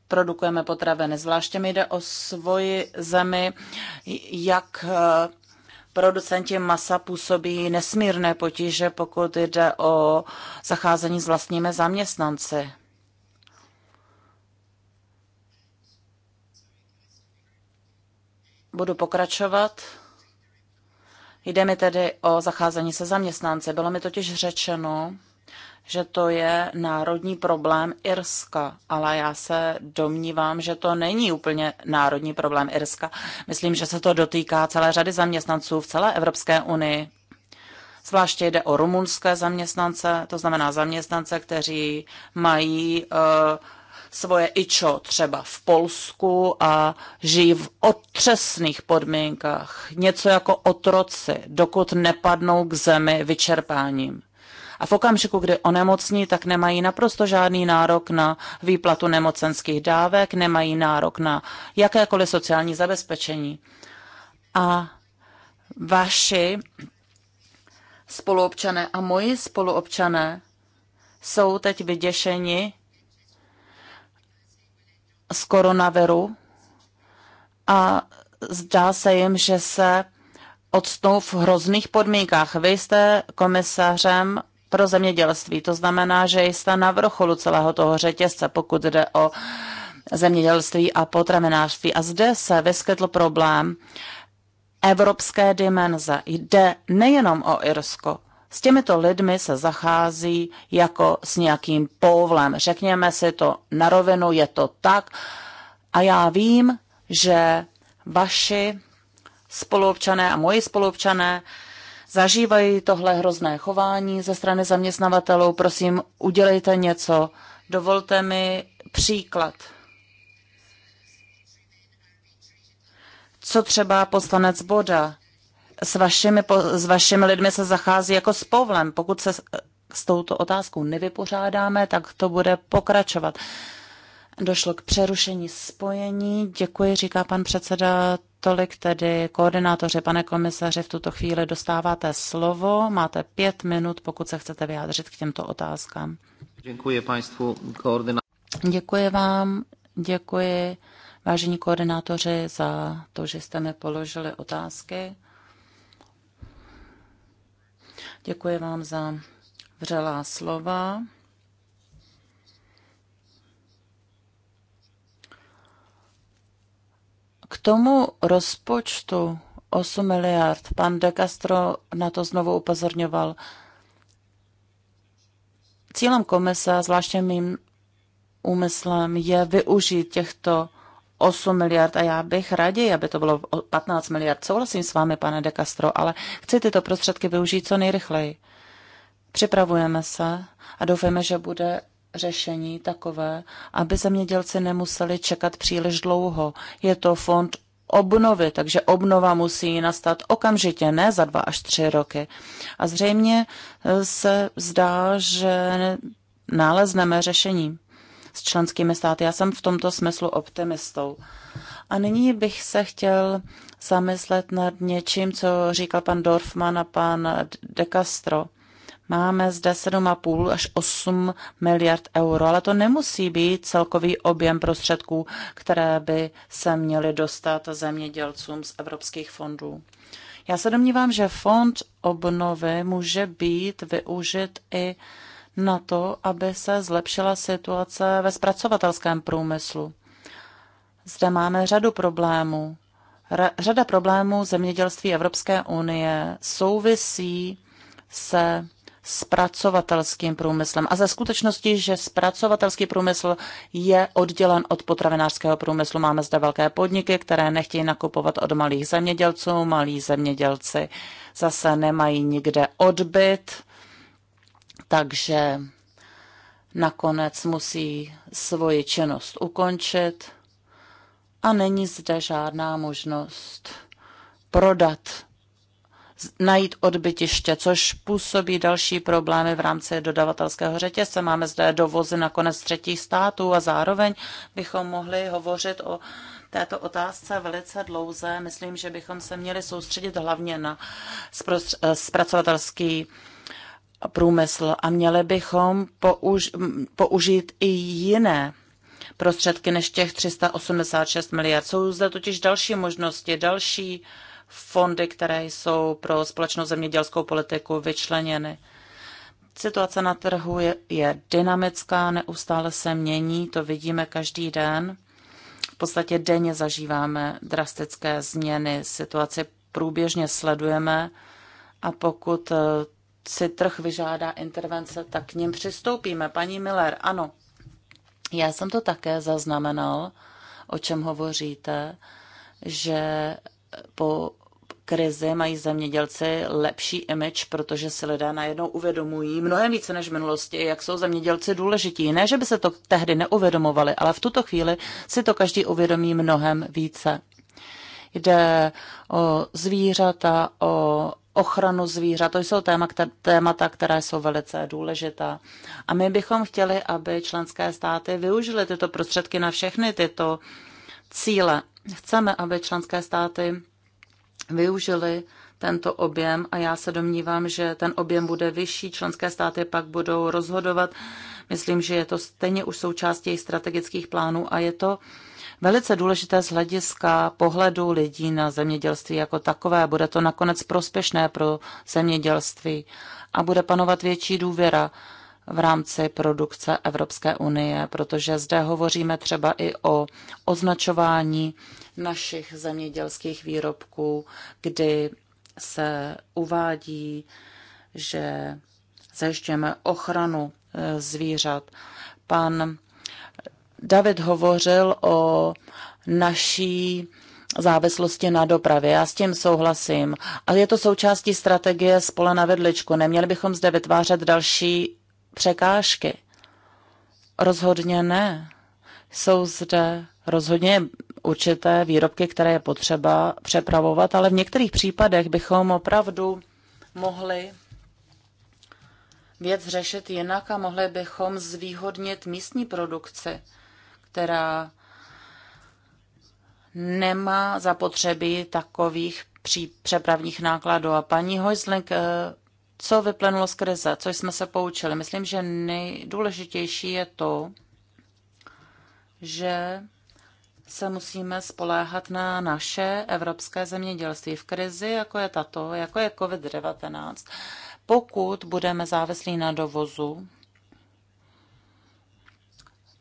D: produkujeme potraviny? Zvláště mi jde o svoji zemi, jak eh, producenti masa působí nesmírné potíže, pokud jde o zacházení s vlastními zaměstnanci. Budu pokračovat. Jde mi tedy o zacházení se zaměstnanci. Bylo mi totiž řečeno, že to je národní problém Irska, ale já se domnívám, že to není úplně národní problém Irska. Myslím, že se to dotýká celé řady zaměstnanců v celé Evropské unii. Zvláště jde o rumunské zaměstnance, to znamená zaměstnance, kteří mají uh, svoje ičo třeba v Polsku a žijí v otřesných podmínkách, něco jako otroci, dokud nepadnou k zemi vyčerpáním. A v okamžiku, kdy onemocní, tak nemají naprosto žádný nárok na výplatu nemocenských dávek, nemají nárok na jakékoliv sociální zabezpečení. A vaši spoluobčané a moji spoluobčané jsou teď vyděšeni z koronaviru a zdá se jim, že se odstnou v hrozných podmínkách. Vy jste komisařem pro zemědělství, to znamená, že jste na vrcholu celého toho řetězce, pokud jde o zemědělství a potravinářství. A zde se vyskytl problém evropské dimenze. Jde nejenom o Irsko, s těmito lidmi se zachází jako s nějakým povlem. Řekněme si to na rovinu, je to tak. A já vím, že vaši spoluobčané a moji spoluobčané zažívají tohle hrozné chování ze strany zaměstnavatelů. Prosím, udělejte něco. Dovolte mi příklad. Co třeba poslanec Boda? s vašimi, s vašimi lidmi se zachází jako s povlem. Pokud se s touto otázkou nevypořádáme, tak to bude pokračovat. Došlo k přerušení spojení. Děkuji, říká pan předseda. Tolik tedy koordinátoři, pane komisaři, v tuto chvíli dostáváte slovo. Máte pět minut, pokud se chcete vyjádřit k těmto otázkám.
A: Děkuji państwu koordinátor.
D: Děkuji vám, děkuji vážení koordinátoři za to, že jste mi položili otázky. Děkuji vám za vřelá slova. K tomu rozpočtu 8 miliard, pan De Castro na to znovu upozorňoval. Cílem komise, zvláště mým úmyslem, je využít těchto 8 miliard a já bych raději, aby to bylo 15 miliard. Souhlasím s vámi, pane De Castro, ale chci tyto prostředky využít co nejrychleji. Připravujeme se a doufáme, že bude řešení takové, aby zemědělci nemuseli čekat příliš dlouho. Je to fond obnovy, takže obnova musí nastat okamžitě, ne za dva až tři roky. A zřejmě eh, se zdá, že nalezneme řešení s členskými státy. Já jsem v tomto smyslu optimistou. A nyní bych se chtěl zamyslet nad něčím, co říkal pan Dorfman a pan De Castro. Máme zde 7,5 až 8 miliard euro, ale to nemusí být celkový objem prostředků, které by se měly dostat zemědělcům z evropských fondů. Já se domnívám, že fond obnovy může být využit i na to, aby se zlepšila situace ve zpracovatelském průmyslu. Zde máme řadu problémů. Řada problémů zemědělství Evropské unie souvisí se zpracovatelským průmyslem a ze skutečnosti, že zpracovatelský průmysl je oddělen od potravinářského průmyslu. Máme zde velké podniky, které nechtějí nakupovat od malých zemědělců. Malí zemědělci zase nemají nikde odbyt takže nakonec musí svoji činnost ukončit a není zde žádná možnost prodat, najít odbytiště, což působí další problémy v rámci dodavatelského řetězce. Máme zde dovozy nakonec třetích států a zároveň bychom mohli hovořit o této otázce velice dlouze. Myslím, že bychom se měli soustředit hlavně na eh, zpracovatelský průmysl a měli bychom použ- použít i jiné prostředky než těch 386 miliard. Jsou zde totiž další možnosti, další fondy, které jsou pro společnou zemědělskou politiku vyčleněny. Situace na trhu je, je dynamická, neustále se mění, to vidíme každý den. V podstatě denně zažíváme drastické změny, situaci průběžně sledujeme a pokud eh, si trh vyžádá intervence, tak k ním přistoupíme. Paní Miller, ano, já jsem to také zaznamenal, o čem hovoříte, že po krizi mají zemědělci lepší image, protože si lidé najednou uvědomují mnohem více než v minulosti, jak jsou zemědělci důležití. Ne, že by se to tehdy neuvědomovali, ale v tuto chvíli si to každý uvědomí mnohem více. Jde o zvířata, o ochranu zvířat. To jsou téma, které, témata, která jsou velice důležitá. A my bychom chtěli, aby členské státy využily tyto prostředky na všechny tyto cíle. Chceme, aby členské státy využily tento objem a já se domnívám, že ten objem bude vyšší, členské státy pak budou rozhodovat. Myslím, že je to stejně už součástí jejich strategických plánů a je to velice důležité z hlediska pohledu lidí na zemědělství jako takové. Bude to nakonec prospěšné pro zemědělství a bude panovat větší důvěra v rámci produkce Evropské unie, protože zde hovoříme třeba i o označování našich zemědělských výrobků, kdy se uvádí, že zajišťujeme ochranu eh, zvířat. Pan David hovořil o naší závislosti na dopravě. Já s tím souhlasím. A je to součástí strategie spole na vedličku. Neměli bychom zde vytvářet další překážky. Rozhodně ne. Jsou zde rozhodně určité výrobky, které je potřeba přepravovat, ale v některých případech bychom opravdu mohli věc řešit jinak a mohli bychom zvýhodnit místní produkci která nemá zapotřeby takových při přepravních nákladů. A paní Hojzling, eh, co vyplynulo z krize, co jsme se poučili? Myslím, že nejdůležitější je to, že se musíme spoléhat na naše evropské zemědělství v krizi, jako je tato, jako je COVID-19. Pokud budeme závislí na dovozu,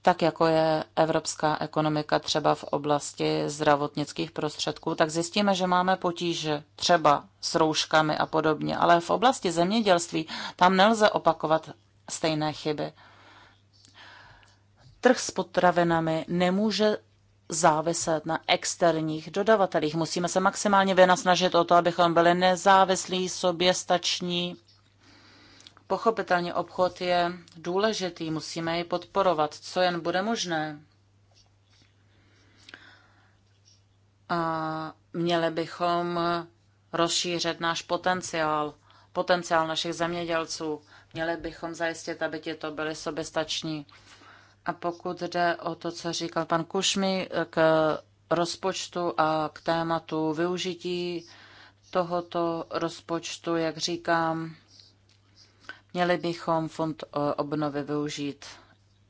D: tak jako je evropská ekonomika třeba v oblasti zdravotnických prostředků, tak zjistíme, že máme potíže třeba s rouškami a podobně, ale v oblasti zemědělství tam nelze opakovat stejné chyby. Trh s potravinami nemůže záviset na externích dodavatelích. Musíme se maximálně vynasnažit o to, abychom byli nezávislí, soběstační Pochopitelně obchod je důležitý, musíme ji podporovat, co jen bude možné. A měli bychom rozšířit náš potenciál, potenciál našich zemědělců. Měli bychom zajistit, aby ti to byli soběstační. A pokud jde o to, co říkal pan Kušmi k rozpočtu a k tématu využití tohoto rozpočtu, jak říkám, Měli bychom fond eh, obnovy využít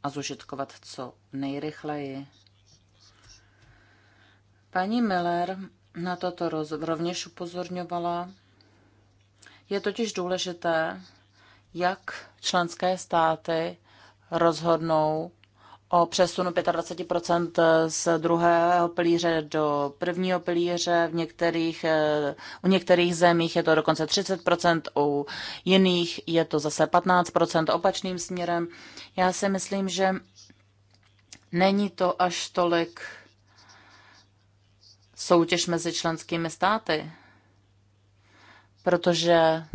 D: a zužitkovat co nejrychleji. Paní Miller na toto rovněž upozorňovala. Je totiž důležité, jak členské státy rozhodnou o přesunu 25% z druhého pilíře do prvního pilíře. V některých, u eh, některých zemích je to dokonce 30%, u jiných je to zase 15% opačným směrem. Já si myslím, že není to až tolik soutěž mezi členskými státy, protože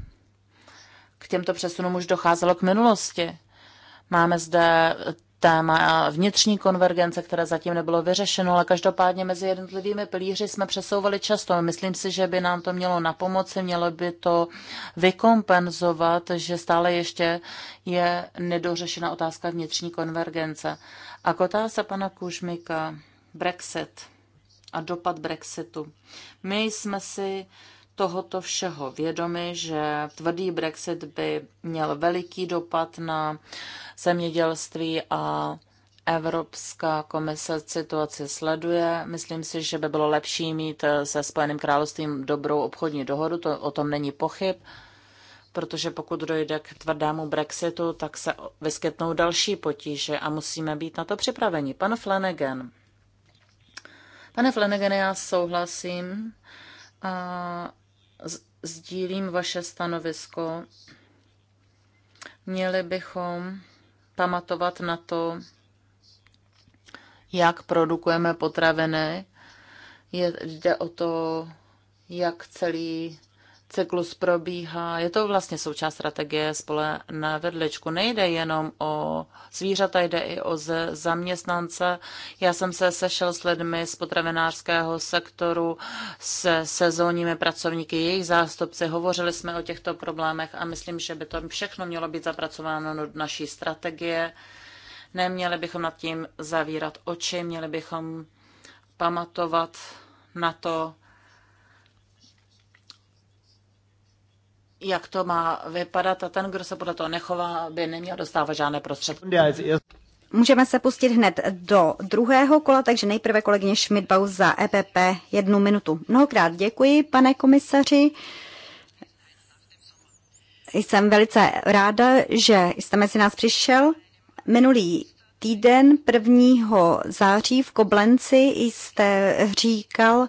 D: k těmto přesunům už docházelo k minulosti. Máme zde téma vnitřní konvergence, které zatím nebylo vyřešeno, ale každopádně mezi jednotlivými pilíři jsme přesouvali často. Myslím si, že by nám to mělo na pomoci, mělo by to vykompenzovat, že stále ještě je nedořešena otázka vnitřní konvergence. A kotá se pana Kužmika, Brexit a dopad Brexitu. My jsme si tohoto všeho vědomi, že tvrdý Brexit by měl veliký dopad na zemědělství a Evropská komise situaci sleduje. Myslím si, že by bylo lepší mít eh, se Spojeným královstvím dobrou obchodní dohodu, to, o tom není pochyb, protože pokud dojde k tvrdému Brexitu, tak se vyskytnou další potíže a musíme být na to připraveni. Pan Flanagan. Pane Flanagan, já souhlasím. A sdílím vaše stanovisko. Měli bychom pamatovat na to, jak produkujeme potraviny. jde o to, jak celý cyklus probíhá. Je to vlastně součást strategie spole na vedličku. Nejde jenom o zvířata, jde i o zaměstnance. Já jsem se sešel s lidmi z potravinářského sektoru, se sezónními pracovníky, jejich zástupci. Hovořili jsme o těchto problémech a myslím, že by to všechno mělo být zapracováno do naší strategie. Neměli bychom nad tím zavírat oči, měli bychom pamatovat na to, jak to má vypadat a ten, kdo se podle toho nechová, by neměl dostávat žádné
C: prostředky. Můžeme se pustit hned do druhého kola, takže nejprve kolegyně Schmidbau za EPP jednu minutu. Mnohokrát děkuji, pane komisaři. Jsem velice ráda, že jste mezi nás přišel. Minulý týden 1. září v Koblenci jste říkal,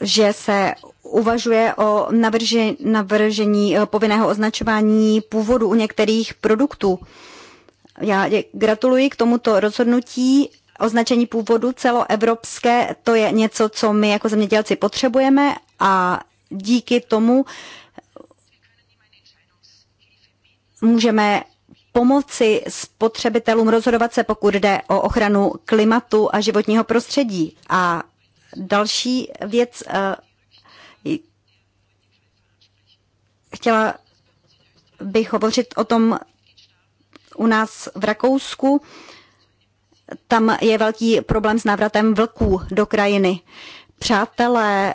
C: že se uvažuje o navržení eh, povinného označování původu u některých produktů. Já gratuluji k tomuto rozhodnutí. Označení původu celoevropské, to je něco, co my jako zemědělci potřebujeme a díky tomu můžeme pomoci spotřebitelům rozhodovat se, pokud jde o ochranu klimatu a životního prostředí. A další věc, eh, Chtěla bych hovořit o tom u nás v Rakousku. Tam je velký problém s návratem vlků do krajiny. Přátelé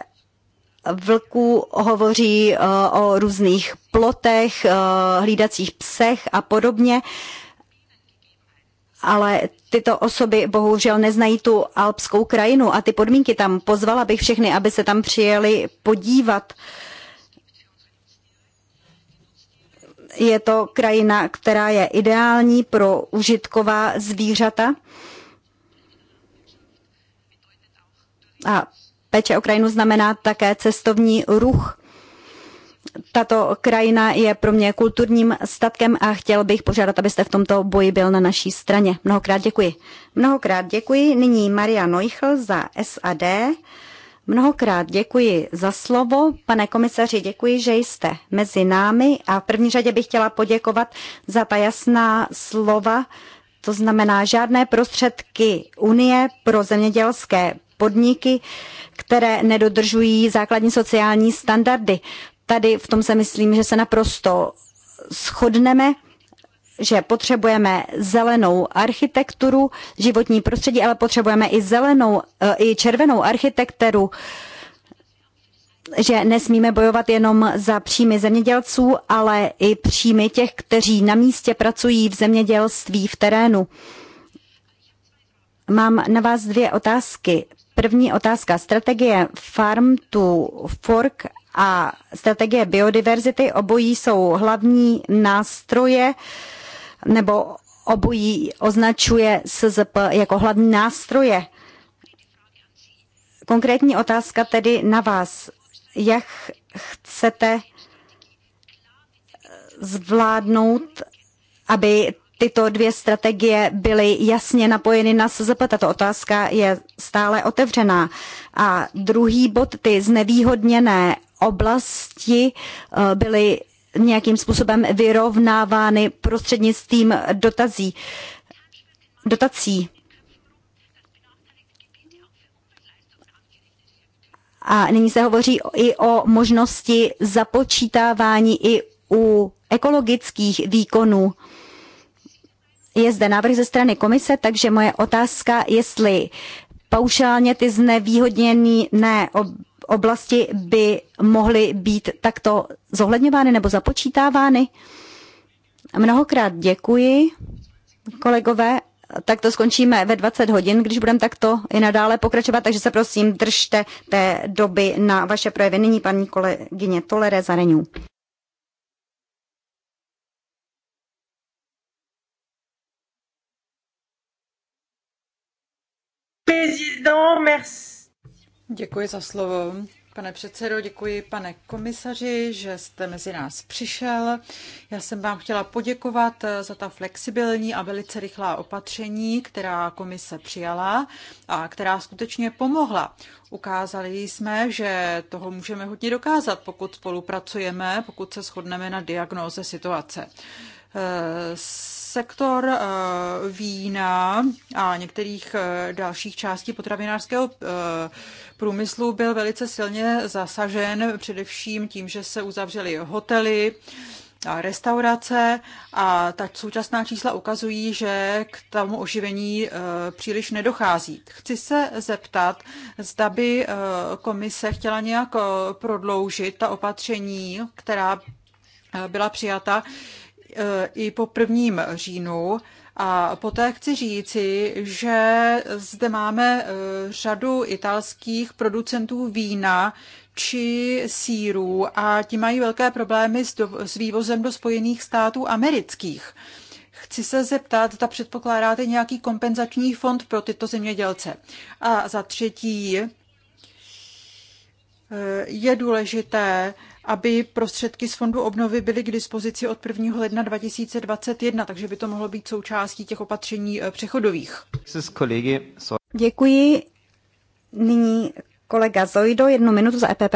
C: vlků hovoří eh, o různých plotech, eh, hlídacích psech a podobně, ale tyto osoby bohužel neznají tu alpskou krajinu a ty podmínky tam. Pozvala bych všechny, aby se tam přijeli podívat. Uh, je to krajina, která je ideální pro užitková zvířata. A péče o krajinu znamená také cestovní ruch. Tato krajina je pro mě kulturním statkem a chtěl bych požádat, abyste v tomto boji byl na naší straně. Mnohokrát děkuji. Mnohokrát děkuji. Nyní Maria Neuchl za SAD. Mnohokrát děkuji za slovo. Pane komisaři, děkuji, že jste mezi námi a v první řadě bych chtěla poděkovat za ta jasná slova, to znamená žádné prostředky Unie pro zemědělské podniky, které nedodržují základní sociální standardy. Tady v tom se myslím, že se naprosto shodneme že potřebujeme zelenou architekturu, životní prostředí, ale potřebujeme i zelenou, eh, i červenou architekturu, že nesmíme bojovat jenom za příjmy zemědělců, ale i příjmy těch, kteří na místě pracují v zemědělství v terénu. Mám na vás dvě otázky. První otázka. Strategie Farm to Fork a strategie biodiverzity obojí jsou hlavní nástroje uh, nebo obojí označuje SZP jako hlavní nástroje. Konkrétní otázka tedy na vás. Jak chcete zvládnout, aby tyto dvě strategie byly jasně napojeny na SZP. Tato otázka je stále otevřená. A druhý bod, ty znevýhodněné oblasti eh, byly nějakým způsobem vyrovnávány prostřednictvím dotazí, dotací. A nyní se hovoří i o možnosti započítávání i u ekologických výkonů. Je zde návrh ze strany komise, takže moje otázka, jestli paušálně ty znevýhodněné oblasti by mohly být takto zohledňovány nebo započítávány? Mnohokrát děkuji, kolegové. Tak to skončíme ve 20 hodin, když budeme takto i nadále pokračovat, takže se prosím držte té doby na vaše projevy. Nyní paní kolegyně Tolere Zareňů.
B: Président, merci. Děkuji za slovo. Pane předsedo, děkuji pane komisaři, že jste mezi nás přišel. Já jsem vám chtěla poděkovat za ta flexibilní a velice rychlá opatření, která komise přijala a která skutečně pomohla. Ukázali jsme, že toho můžeme hodně dokázat, pokud spolupracujeme, pokud se shodneme na diagnóze situace sektor eh, vína a některých eh, dalších částí potravinářského eh, průmyslu byl velice silně zasažen, především tím, že se uzavřely hotely, a restaurace a ta současná čísla ukazují, že k tomu oživení příliš nedochází. Chci se zeptat, zda by komise chtěla nějak prodloužit ta opatření, která byla přijata i po prvním říjnu. A poté chci říci, že zde máme e, řadu italských producentů vína či sírů a ti mají velké problémy s, do, s vývozem do Spojených států amerických. Chci se zeptat, zda předpokládáte nějaký kompenzační fond pro tyto zemědělce. A za třetí e, je důležité, aby prostředky z fondu obnovy byly k dispozici od 1. ledna 2021, takže by to mohlo být součástí těch opatření eh, přechodových.
C: Děkuji. Nyní kolega Zojdo, jednu minutu za EPP.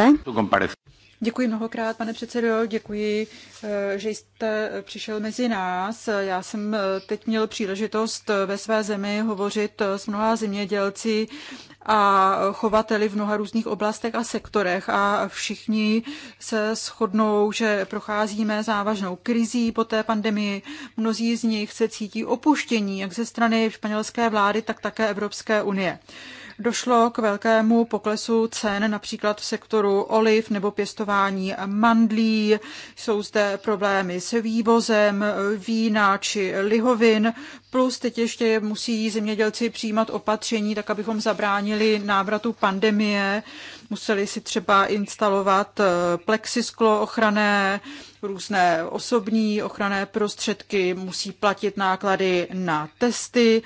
C: Děkuji mnohokrát,
B: pane předsedo, děkuji, eh, že jste eh, přišel mezi nás. Já jsem eh, teď měl příležitost ve své zemi hovořit s mnoha zemědělci a chovateli v mnoha různých oblastech a sektorech a všichni se shodnou, že procházíme závažnou krizí po té pandemii. Mnozí z nich se cítí opuštění jak ze strany španělské vlády, tak také Evropské unie. Došlo k velkému poklesu cen například v sektoru oliv nebo pěstování mandlí. Jsou zde problémy s vývozem vína či lihovin. Plus teď ještě musí zemědělci přijímat opatření, tak abychom zabránili návratu pandemie. Museli si třeba instalovat eh, plexisklo ochrané, různé osobní ochranné prostředky, musí platit náklady na testy.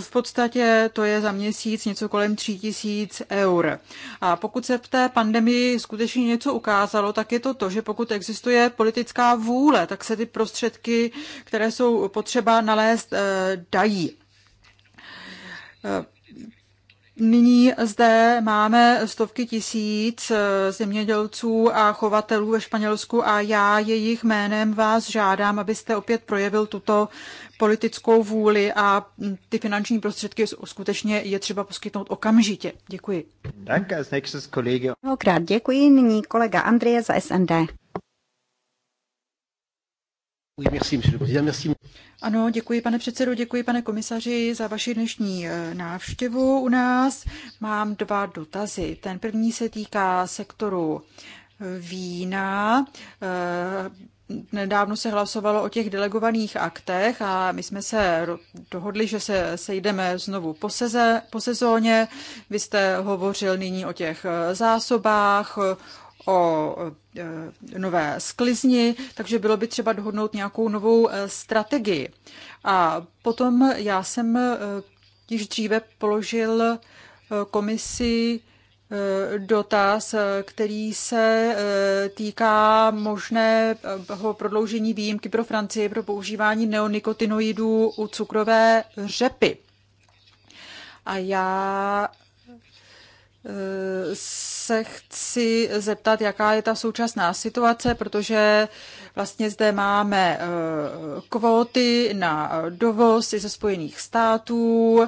B: V podstatě to je za měsíc něco kolem 3 eur. A pokud se v té pandemii skutečně něco ukázalo, tak je to to, že pokud existuje politická vůle, tak se ty prostředky, které jsou potřeba nalézt, eh, dají. Nyní zde máme stovky tisíc eh, zemědělců a chovatelů ve Španělsku a já jejich jménem vás žádám, abyste opět projevil tuto politickou vůli a ty finanční prostředky skutečně je třeba poskytnout okamžitě.
C: Děkuji. Mnohokrát děkuji. Nyní kolega Andrie za SND.
A: Oui, merci, monsieur le président. Merci.
C: Ano,
B: děkuji pane předsedo, děkuji pane komisaři za vaši dnešní eh, návštěvu u nás. Mám dva dotazy. Ten první se týká sektoru eh, vína. Eh, nedávno se hlasovalo o těch delegovaných aktech a my jsme se dohodli, že se sejdeme znovu po, seze, po sezóně. Vy jste hovořil nyní o těch zásobách, o e, nové sklizni, takže bylo by třeba dohodnout nějakou novou e, strategii. A potom já jsem e, již dříve položil komisi dotaz, který se týká možného prodloužení výjimky pro Francii pro používání neonikotinoidů u cukrové řepy. A já se chci zeptat, jaká je ta současná situace, protože vlastně zde máme eh, kvóty na dovoz ze Spojených států.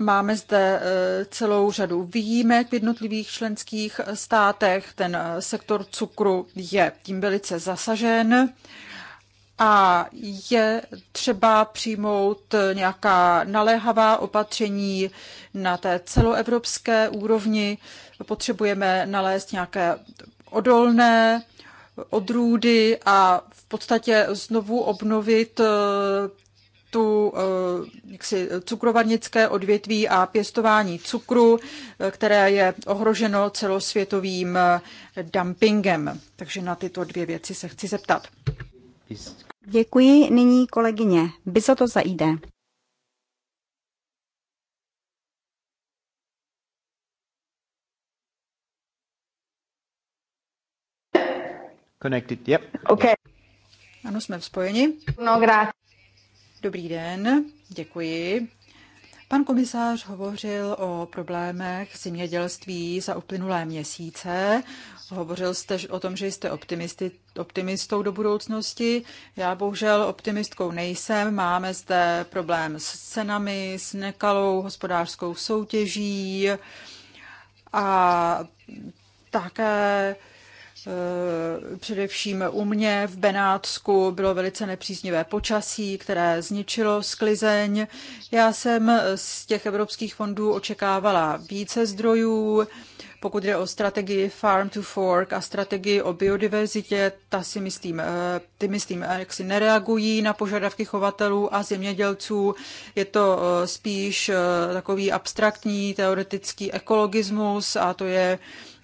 B: Máme zde eh, celou řadu výjimek v jednotlivých členských státech. Ten eh, sektor cukru je tím velice zasažen a je třeba přijmout nějaká naléhavá opatření na té celoevropské úrovni. Potřebujeme nalézt nějaké odolné odrůdy a v podstatě znovu obnovit eh, tu eh, jaksi, cukrovarnické odvětví a pěstování cukru, eh, které je ohroženo celosvětovým dumpingem. Takže na tyto dvě věci se chci zeptat.
C: Děkuji nyní kolegyně By za zajde.
A: Connected, yep.
B: Okay. Ano, jsme v spojení. No, Dobrý den, děkuji. Pan komisář hovořil o problémech zemědělství za uplynulé měsíce. Hovořil jste o tom, že jste optimisty, optimistou do budoucnosti. Já bohužel optimistkou nejsem. Máme zde problém s cenami, s nekalou hospodářskou soutěží a také Eh, především u mě v Benátsku bylo velice nepříznivé počasí, které zničilo sklizeň. Já jsem z těch evropských fondů očekávala více zdrojů. Pokud jde o strategii Farm to Fork a strategii o biodiverzitě, ta si myslím, eh, ty myslím, eh, jak si nereagují na požadavky chovatelů a zemědělců. Je to spíš takový abstraktní teoretický ekologismus a to je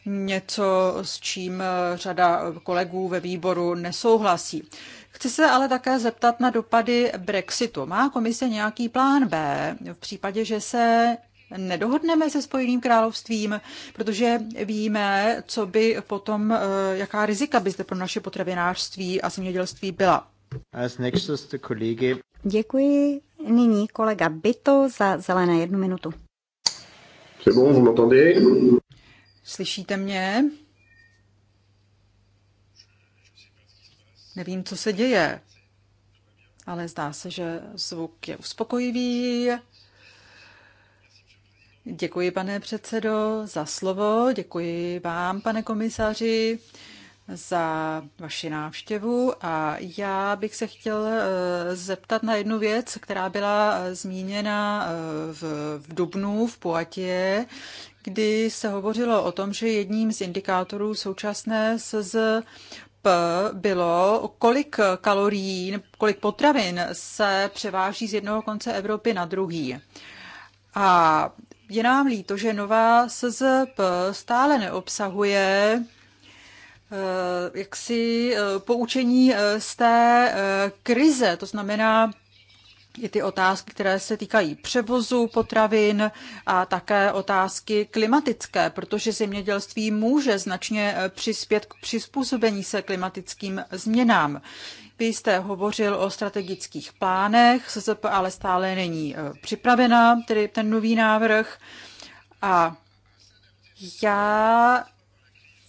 B: něco, s čím eh, řada kolegů ve výboru nesouhlasí. Chci se ale také zeptat na dopady Brexitu. Má komise nějaký plán B v případě, že se nedohodneme se Spojeným královstvím, protože víme, co by potom, eh, jaká rizika
C: by zde pro naše potravinářství a zemědělství byla. Děkuji. Nyní kolega Bito za zelené jednu minutu.
A: bon, vous m'entendez
C: Slyšíte mě?
B: Nevím, co se děje, ale zdá se, že zvuk je uspokojivý. Děkuji, pane předsedo, za slovo. Děkuji vám, pane komisaři, za vaši návštěvu. A já bych se chtěl eh, zeptat na jednu věc, která byla eh, zmíněna eh, v, v Dubnu v Poatě, kdy se hovořilo o tom, že jedním z indikátorů současné SZ bylo, kolik kalorií, kolik potravin se převáží z jednoho konce Evropy na druhý. A je nám líto, že nová SZP stále neobsahuje eh, jaksi eh, poučení eh, z té krize, to znamená i ty otázky, které se týkají převozu potravin a také otázky klimatické, protože zemědělství může značně eh, přispět k přizpůsobení se klimatickým změnám. Vy jste hovořil o strategických plánech, SZP ale stále není eh, připravena, tedy ten nový návrh. A já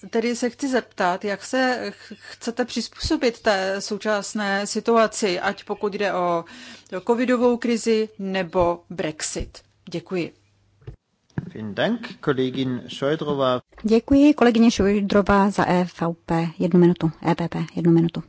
B: tedy se chci zeptat, jak se chcete přizpůsobit té současné situaci, ať pokud jde o covidovou krizi nebo Brexit. Děkuji.
C: Děkuji kolegyně Šojdrova za EVP jednu minutu, EPP jednu minutu.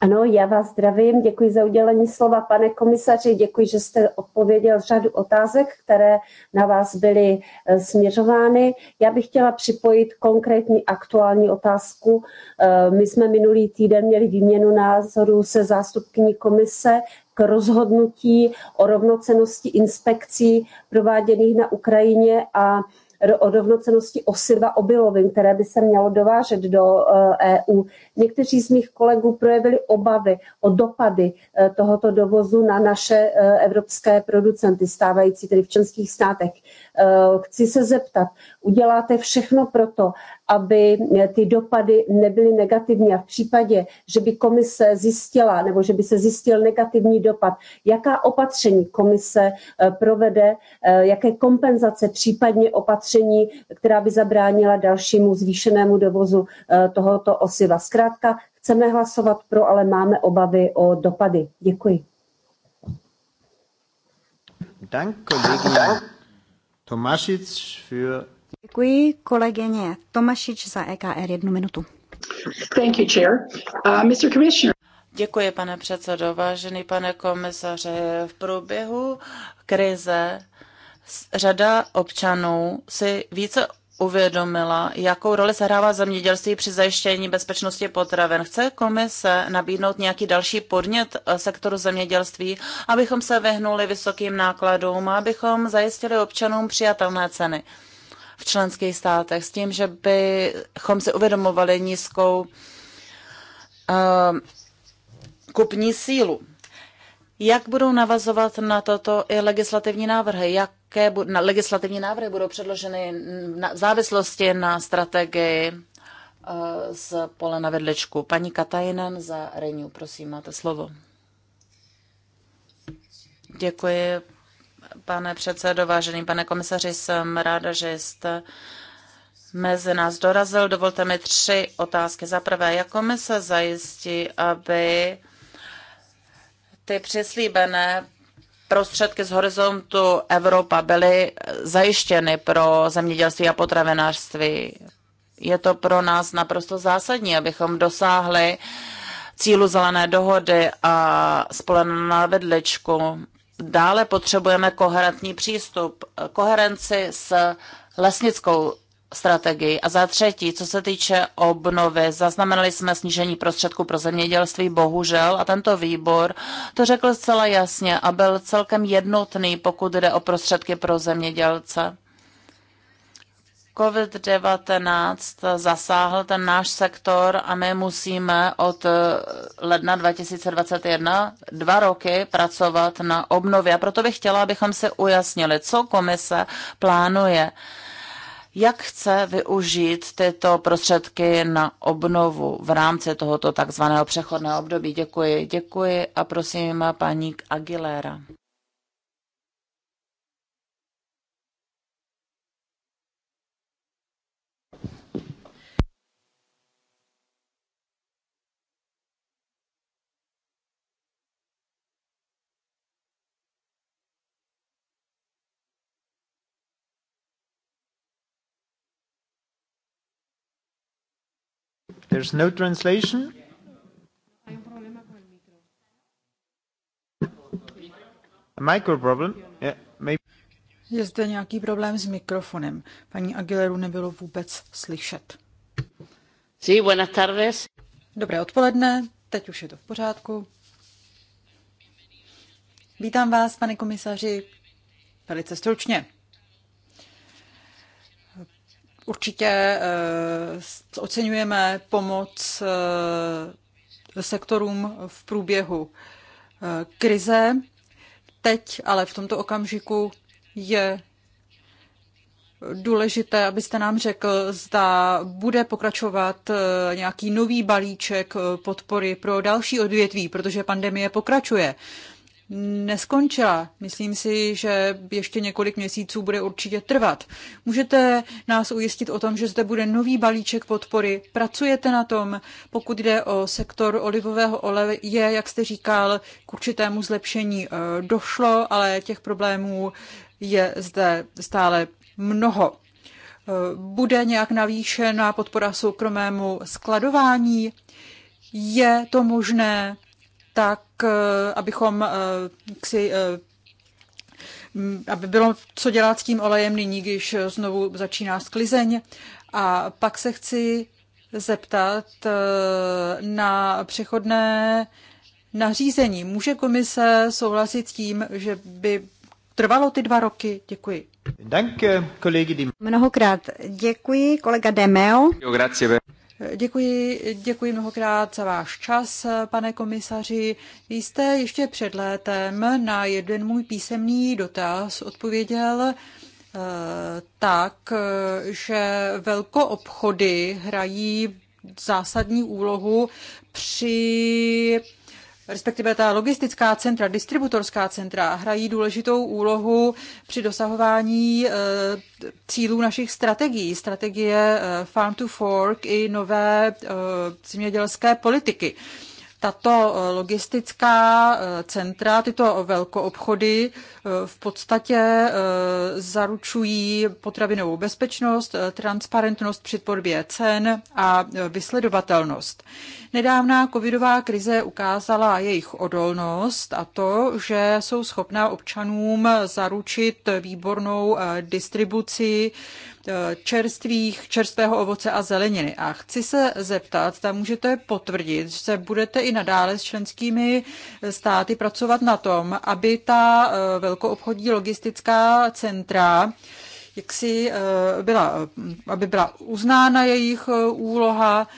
C: Ano, já vás zdravím,
E: děkuji za udělení slova, pane komisaři, děkuji, že jste odpověděl řadu otázek, které na vás byly eh, směřovány. Já bych chtěla připojit konkrétní aktuální otázku. Eh, my jsme minulý týden měli výměnu názoru se zástupkyní komise k rozhodnutí o rovnocenosti inspekcí prováděných na Ukrajině a o rovnocenosti osiva obilovin, které by se mělo dovážet do EU. Eh, e Někteří z mých kolegů projevili obavy o dopady eh, tohoto dovozu na naše eh, evropské producenty, stávající tedy v členských státech. Chci se zeptat, uděláte všechno pro to, aby eh, ty dopady nebyly negativní. A v případě, že by komise zjistila nebo že by se zjistil negativní dopad, jaká opatření komise eh, provede, eh, jaké kompenzace, případně opatření, která by zabránila dalšímu zvýšenému dovozu tohoto osiva. Zkrátka, chceme hlasovat pro, ale máme obavy o dopady. Děkuji.
A: Dank, Kollegin Tomasic, für
C: Děkuji kolegyně Tomašič za EKR jednu minutu. Thank you, Chair.
E: Uh, Mr. Commissioner.
D: Děkuji, pane předsedo. Vážený pane komisaře, v průběhu krize řada občanů si více uvědomila, jakou roli zahrává zemědělství při zajištění bezpečnosti potravin. Chce komise nabídnout nějaký další podnět eh, sektoru zemědělství, abychom se vyhnuli vysokým nákladům a abychom zajistili občanům přijatelné ceny v členských státech s tím, že bychom si uvědomovali nízkou uh, kupní sílu. Jak budou navazovat na toto i legislativní návrhy? Jaké bu- na legislativní návrhy budou předloženy na, v závislosti na strategii eh, z pole na vedlečku. Paní Katajinen za Renew, prosím, máte slovo. Děkuji, pane předsedo, vážený pane komisaři, jsem ráda, že jste mezi nás dorazil. Dovolte mi tři otázky. Za prvé, jak komise zajistí, aby ty přislíbené prostředky z horizontu Evropa byly zajištěny pro zemědělství a potravinářství? Je to pro nás naprosto zásadní, abychom dosáhli cílu zelené dohody a spolena na vedličku dále potřebujeme koherentní přístup, eh, koherenci s lesnickou strategii. A za třetí, co se týče obnovy, zaznamenali jsme snížení prostředků pro zemědělství, bohužel, a tento výbor to řekl zcela jasně a byl celkem jednotný, pokud jde o prostředky pro zemědělce. COVID-19 zasáhl ten náš sektor a my musíme od eh, ledna 2021 dva roky pracovat na obnově. A proto bych chtěla, abychom se ujasnili, co komise plánuje. Jak chce využít tyto prostředky na obnovu v rámci tohoto takzvaného přechodného období? Děkuji, děkuji a prosím paní Aguilera.
A: There's no translation? A micro problem? Yeah, maybe.
B: Je zde nějaký problém s mikrofonem. Paní Aguileru nebylo vůbec slyšet. Sí, buenas tardes. Dobré odpoledne, teď už je to v pořádku. Vítám vás, pane komisaři, velice stručně. Určitě eh, oceňujeme pomoc eh, sektorům v průběhu eh, krize. Teď ale v tomto okamžiku je důležité, abyste nám řekl, zda bude pokračovat nějaký nový balíček podpory pro další odvětví, protože pandemie pokračuje neskončila. Myslím si, že ještě několik měsíců bude určitě trvat. Můžete nás ujistit o tom, že zde bude nový balíček podpory. Pracujete na tom, pokud jde o sektor olivového oleje, jak jste říkal, k určitému zlepšení eh, došlo, ale těch problémů je zde stále mnoho. Eh, bude nějak navýšena podpora soukromému skladování? Je to možné? tak eh, abychom eh, si eh, mm, aby bylo co dělat s tím olejem nyní, když znovu začíná sklizeň. A pak se chci zeptat na přechodné nařízení. Může komise souhlasit s tím, že by trvalo ty dva roky? Děkuji.
A: Danke, kolegy
B: Mnohokrát děkuji, kolega Demeo. Děkuji, děkuji mnohokrát za váš čas, pane komisaři. Jste ještě před létem na jeden můj písemný dotaz odpověděl eh, tak, že velkoobchody hrají zásadní úlohu při respektive ta logistická centra, distributorská centra hrají důležitou úlohu při dosahování eh, cílů našich strategií, strategie eh, Farm to Fork i nové eh, zemědělské politiky tato eh, logistická eh, centra, tyto velkoobchody eh, v podstatě zaručují potravinovou bezpečnost, transparentnost při tvorbě cen a vysledovatelnost. Nedávná covidová krize ukázala jejich odolnost a to, že jsou schopná občanům zaručit výbornou distribuci Eh, čerstvých, čerstvého ovoce a zeleniny. A chci se zeptat, tam můžete potvrdit, že budete i nadále s členskými státy pracovat na tom, aby ta eh, velkoobchodní logistická centra jak si eh, byla, aby byla uznána jejich úloha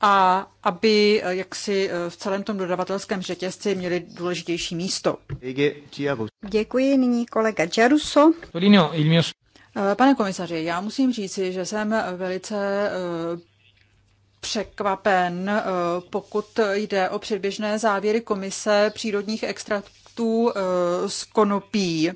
B: a aby jaksi v celém tom dodavatelském řetězci měli důležitější místo. Děkuji nyní kolega Jaruso. Eh, pane komisaři, já musím říci, že jsem velice eh, překvapen, eh, pokud jde o předběžné závěry komise přírodních extraktů z konopí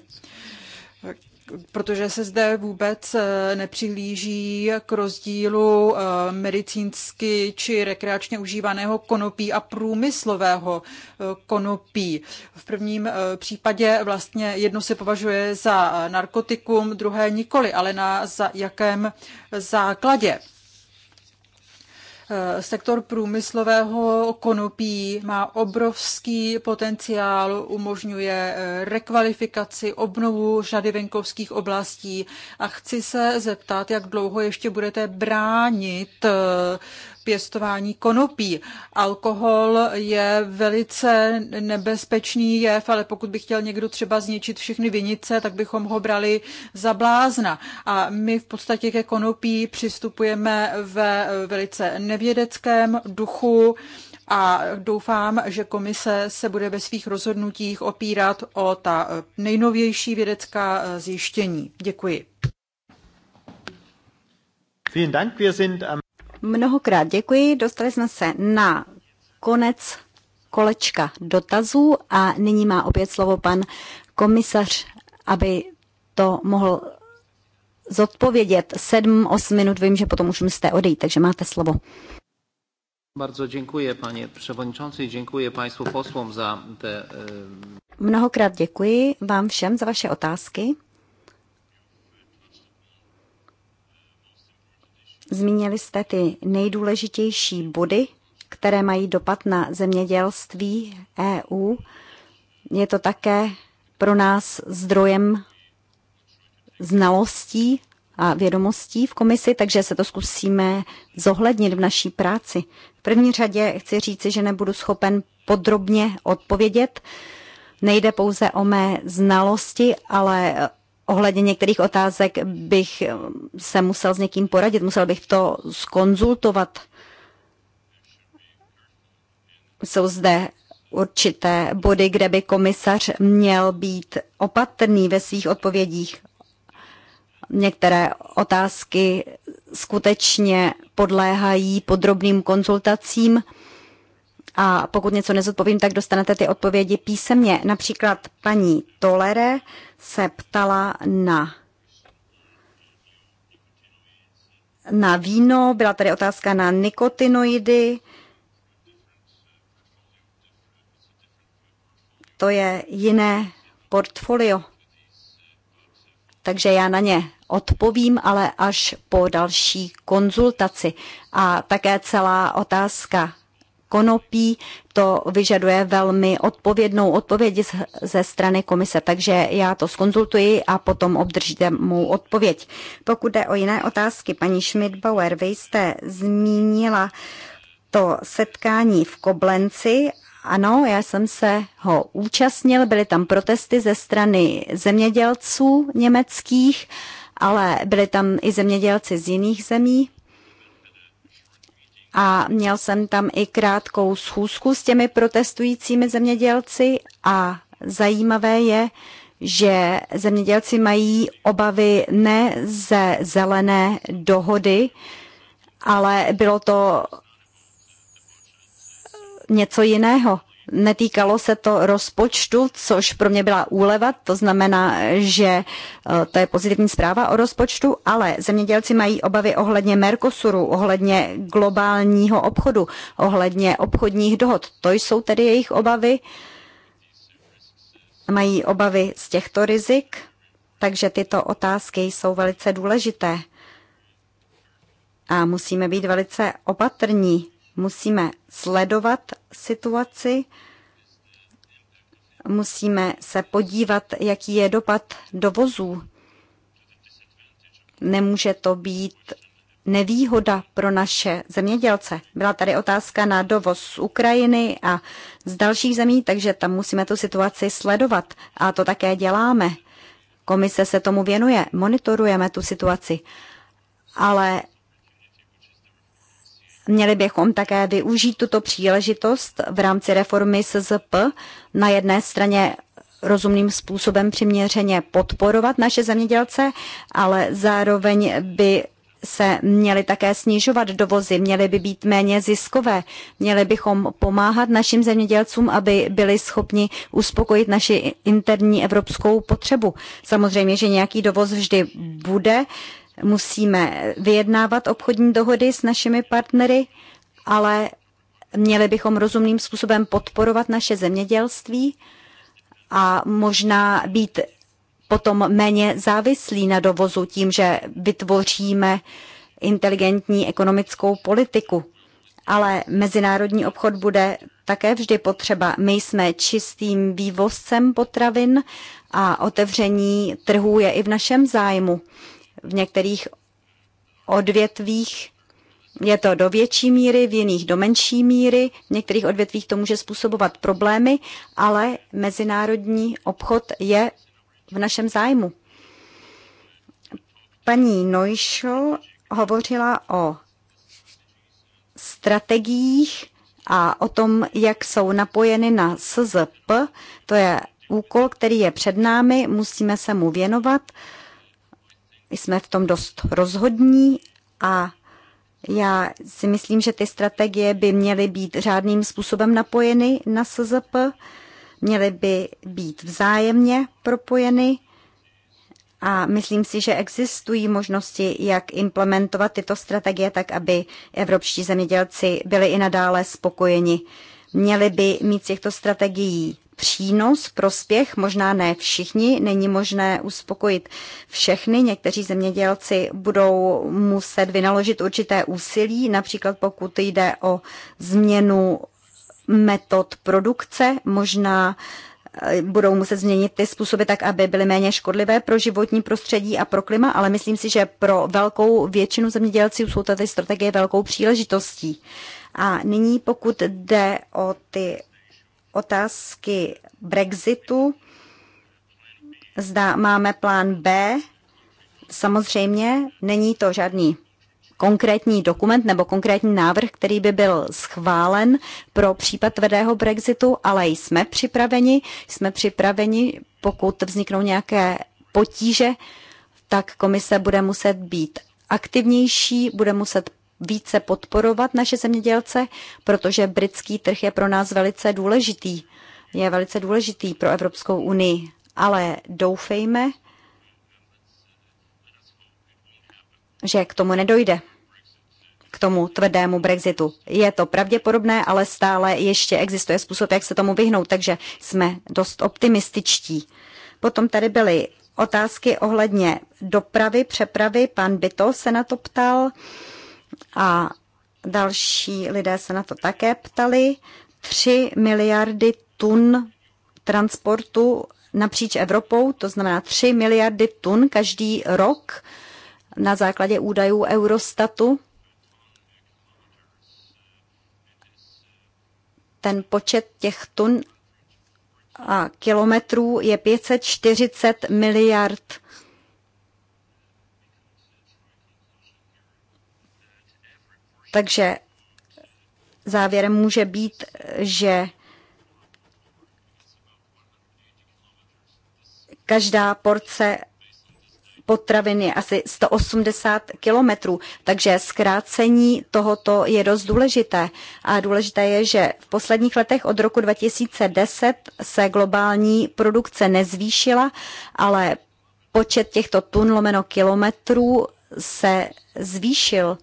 B: protože se zde vůbec eh, nepřihlíží k rozdílu eh, medicínsky či rekreačně užívaného konopí a průmyslového eh, konopí. V prvním případě vlastně jedno se považuje za narkotikum, druhé nikoli, ale na za jakém základě. Eh, sektor průmyslového konopí má obrovský potenciál, umožňuje eh, rekvalifikaci, obnovu řady venkovských oblastí a chci se zeptat, jak dlouho ještě budete bránit eh, pěstování konopí. Alkohol je velice nebezpečný jev, ale pokud by chtěl někdo třeba zničit všechny vinice, tak bychom ho brali za blázna. A my v podstatě ke konopí přistupujeme ve velice nevědeckém duchu a doufám, že komise se bude ve svých rozhodnutích opírat o ta nejnovější vědecká zjištění. Děkuji.
A: Vielen Dank. Wir sind am
C: Mnohokrát děkuji. Dostali jsme se na konec kolečka dotazů a nyní má opět slovo pan komisař, aby to mohl zodpovědět. Sedm, osm minut, vím, že potom už musíte odejít, takže máte slovo.
A: Bardzo dziękuję panie przewodniczący, dziękuję państwu posłom za te... E,
C: Mnohokrát děkuji vám všem za vaše otázky. Zmínili jste ty nejdůležitější body, které mají dopad na zemědělství EU. Je to také pro nás zdrojem znalostí a vědomostí v komisi, takže se to zkusíme zohlednit v naší práci. V první řadě chci říci, že nebudu schopen podrobně odpovědět. Nejde pouze o mé znalosti, ale ohledně některých otázek bych se musel s někým poradit, musel bych to skonzultovat. Jsou zde určité body, kde by komisař měl být opatrný ve svých odpovědích. Některé otázky skutečně podléhají podrobným konzultacím a pokud něco nezodpovím, tak dostanete ty odpovědi písemně. Například paní Tolere se ptala na na víno, byla tady otázka na nikotinoidy. To je jiné portfolio. Takže já na ně odpovím, ale až po další konzultaci. A také celá otázka konopí. To vyžaduje velmi odpovědnou odpověď ze strany komise, takže já to skonzultuji a potom obdržíte mou odpověď. Pokud jde o jiné otázky, paní Schmidbauer, vy jste zmínila to setkání v Koblenci ano, já jsem se ho účastnil, byly tam protesty ze strany zemědělců německých, ale byli tam i zemědělci z jiných zemí a měl jsem tam i krátkou schůzku s těmi protestujícími zemědělci a zajímavé je, že zemědělci mají obavy ne ze zelené dohody, ale bylo to něco jiného. Netýkalo se to rozpočtu, což pro mě byla úleva, to znamená, že e, to je pozitivní zpráva o rozpočtu, ale zemědělci mají obavy ohledně Mercosuru, ohledně globálního obchodu, ohledně obchodních dohod. To jsou tedy jejich obavy. Mají obavy z těchto rizik, takže tyto otázky jsou velice důležité. A musíme být velice opatrní Musíme sledovat situaci, musíme se podívat, jaký je dopad dovozů. Nemůže to být nevýhoda pro naše zemědělce. Byla tady otázka na dovoz z Ukrajiny a z dalších zemí, takže tam musíme tu situaci sledovat a to také děláme. Komise se tomu věnuje, monitorujeme tu situaci, ale Měli bychom také využít tuto příležitost v rámci reformy SZP na jedné straně rozumným způsobem přiměřeně podporovat naše zemědělce, ale zároveň by se měly také snižovat dovozy, měly by být méně ziskové. Měli bychom pomáhat našim zemědělcům, aby byli schopni uspokojit naši interní evropskou potřebu. Samozřejmě, že nějaký dovoz vždy bude, Musíme vyjednávat obchodní dohody s našimi partnery, ale měli bychom rozumným způsobem podporovat naše zemědělství a možná být potom méně závislí na dovozu tím, že vytvoříme inteligentní ekonomickou politiku. Ale mezinárodní obchod bude také vždy potřeba. My jsme čistým vývozcem potravin a otevření trhů je i v našem zájmu v některých odvětvích je to do větší míry, v jiných do menší míry. V některých odvětvích to může způsobovat problémy, ale mezinárodní obchod je v našem zájmu. Paní Neuschel hovořila o strategiích a o tom, jak jsou napojeny na SZP. To je úkol, který je před námi, musíme se mu věnovat. My jsme v tom dost rozhodní a já si myslím, že ty strategie by měly být řádným způsobem napojeny na SZP, měly by být vzájemně propojeny a myslím si, že existují možnosti, jak implementovat tyto strategie tak, aby evropští zemědělci byli i nadále spokojeni. Měli by mít z těchto strategií přínos, prospěch, možná ne všichni, není možné uspokojit všechny. Někteří zemědělci budou muset vynaložit určité úsilí, například pokud jde o změnu metod produkce, možná eh, budou muset změnit ty způsoby tak, aby byly méně škodlivé pro životní prostředí a pro klima, ale myslím si, že pro velkou většinu zemědělců jsou tady strategie velkou příležitostí. A nyní, pokud jde o ty otázky Brexitu. Zda máme plán B. Samozřejmě není to žádný konkrétní dokument nebo konkrétní návrh, který by byl schválen pro případ tvrdého Brexitu, ale jsme připraveni. Jsme připraveni, pokud vzniknou nějaké potíže, tak komise bude muset být aktivnější, bude muset více podporovat naše zemědělce, protože britský trh je pro nás velice důležitý. Je velice důležitý pro Evropskou unii, ale doufejme, že k tomu nedojde k tomu tvrdému Brexitu. Je to pravděpodobné, ale stále ještě existuje způsob, jak se tomu vyhnout, takže jsme dost optimističtí. Potom tady byly otázky ohledně dopravy, přepravy. Pan Byto se na to ptal. Uh, a další lidé se na to také ptali, 3 miliardy tun transportu napříč Evropou, to znamená 3 miliardy tun každý rok na základě údajů Eurostatu. Ten počet těch tun a kilometrů je 540 miliard Takže závěrem může být, že každá porce potravin je asi 180 kilometrů, takže zkrácení tohoto je dost důležité. A důležité je, že v posledních letech od roku 2010 se globální produkce nezvýšila, ale počet těchto tun lomeno kilometrů se zvýšil.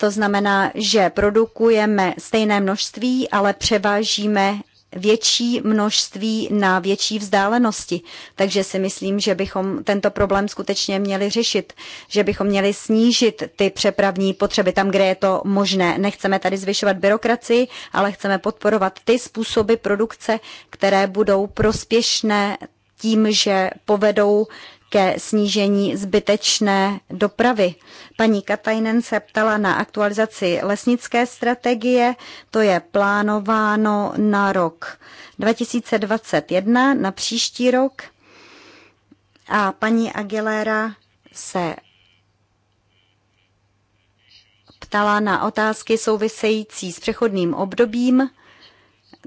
C: To znamená, že produkujeme stejné množství, ale převážíme větší množství na větší vzdálenosti. Takže si myslím, že bychom tento problém skutečně měli řešit, že bychom měli snížit ty přepravní potřeby tam, kde je to možné. Nechceme tady zvyšovat byrokracii, ale chceme podporovat ty způsoby produkce, které budou prospěšné tím, že povedou ke snížení zbytečné dopravy. Paní Katajnen se ptala na aktualizaci lesnické strategie, to je plánováno na rok 2021, na příští rok. A paní Aguilera se ptala na otázky související s přechodným obdobím.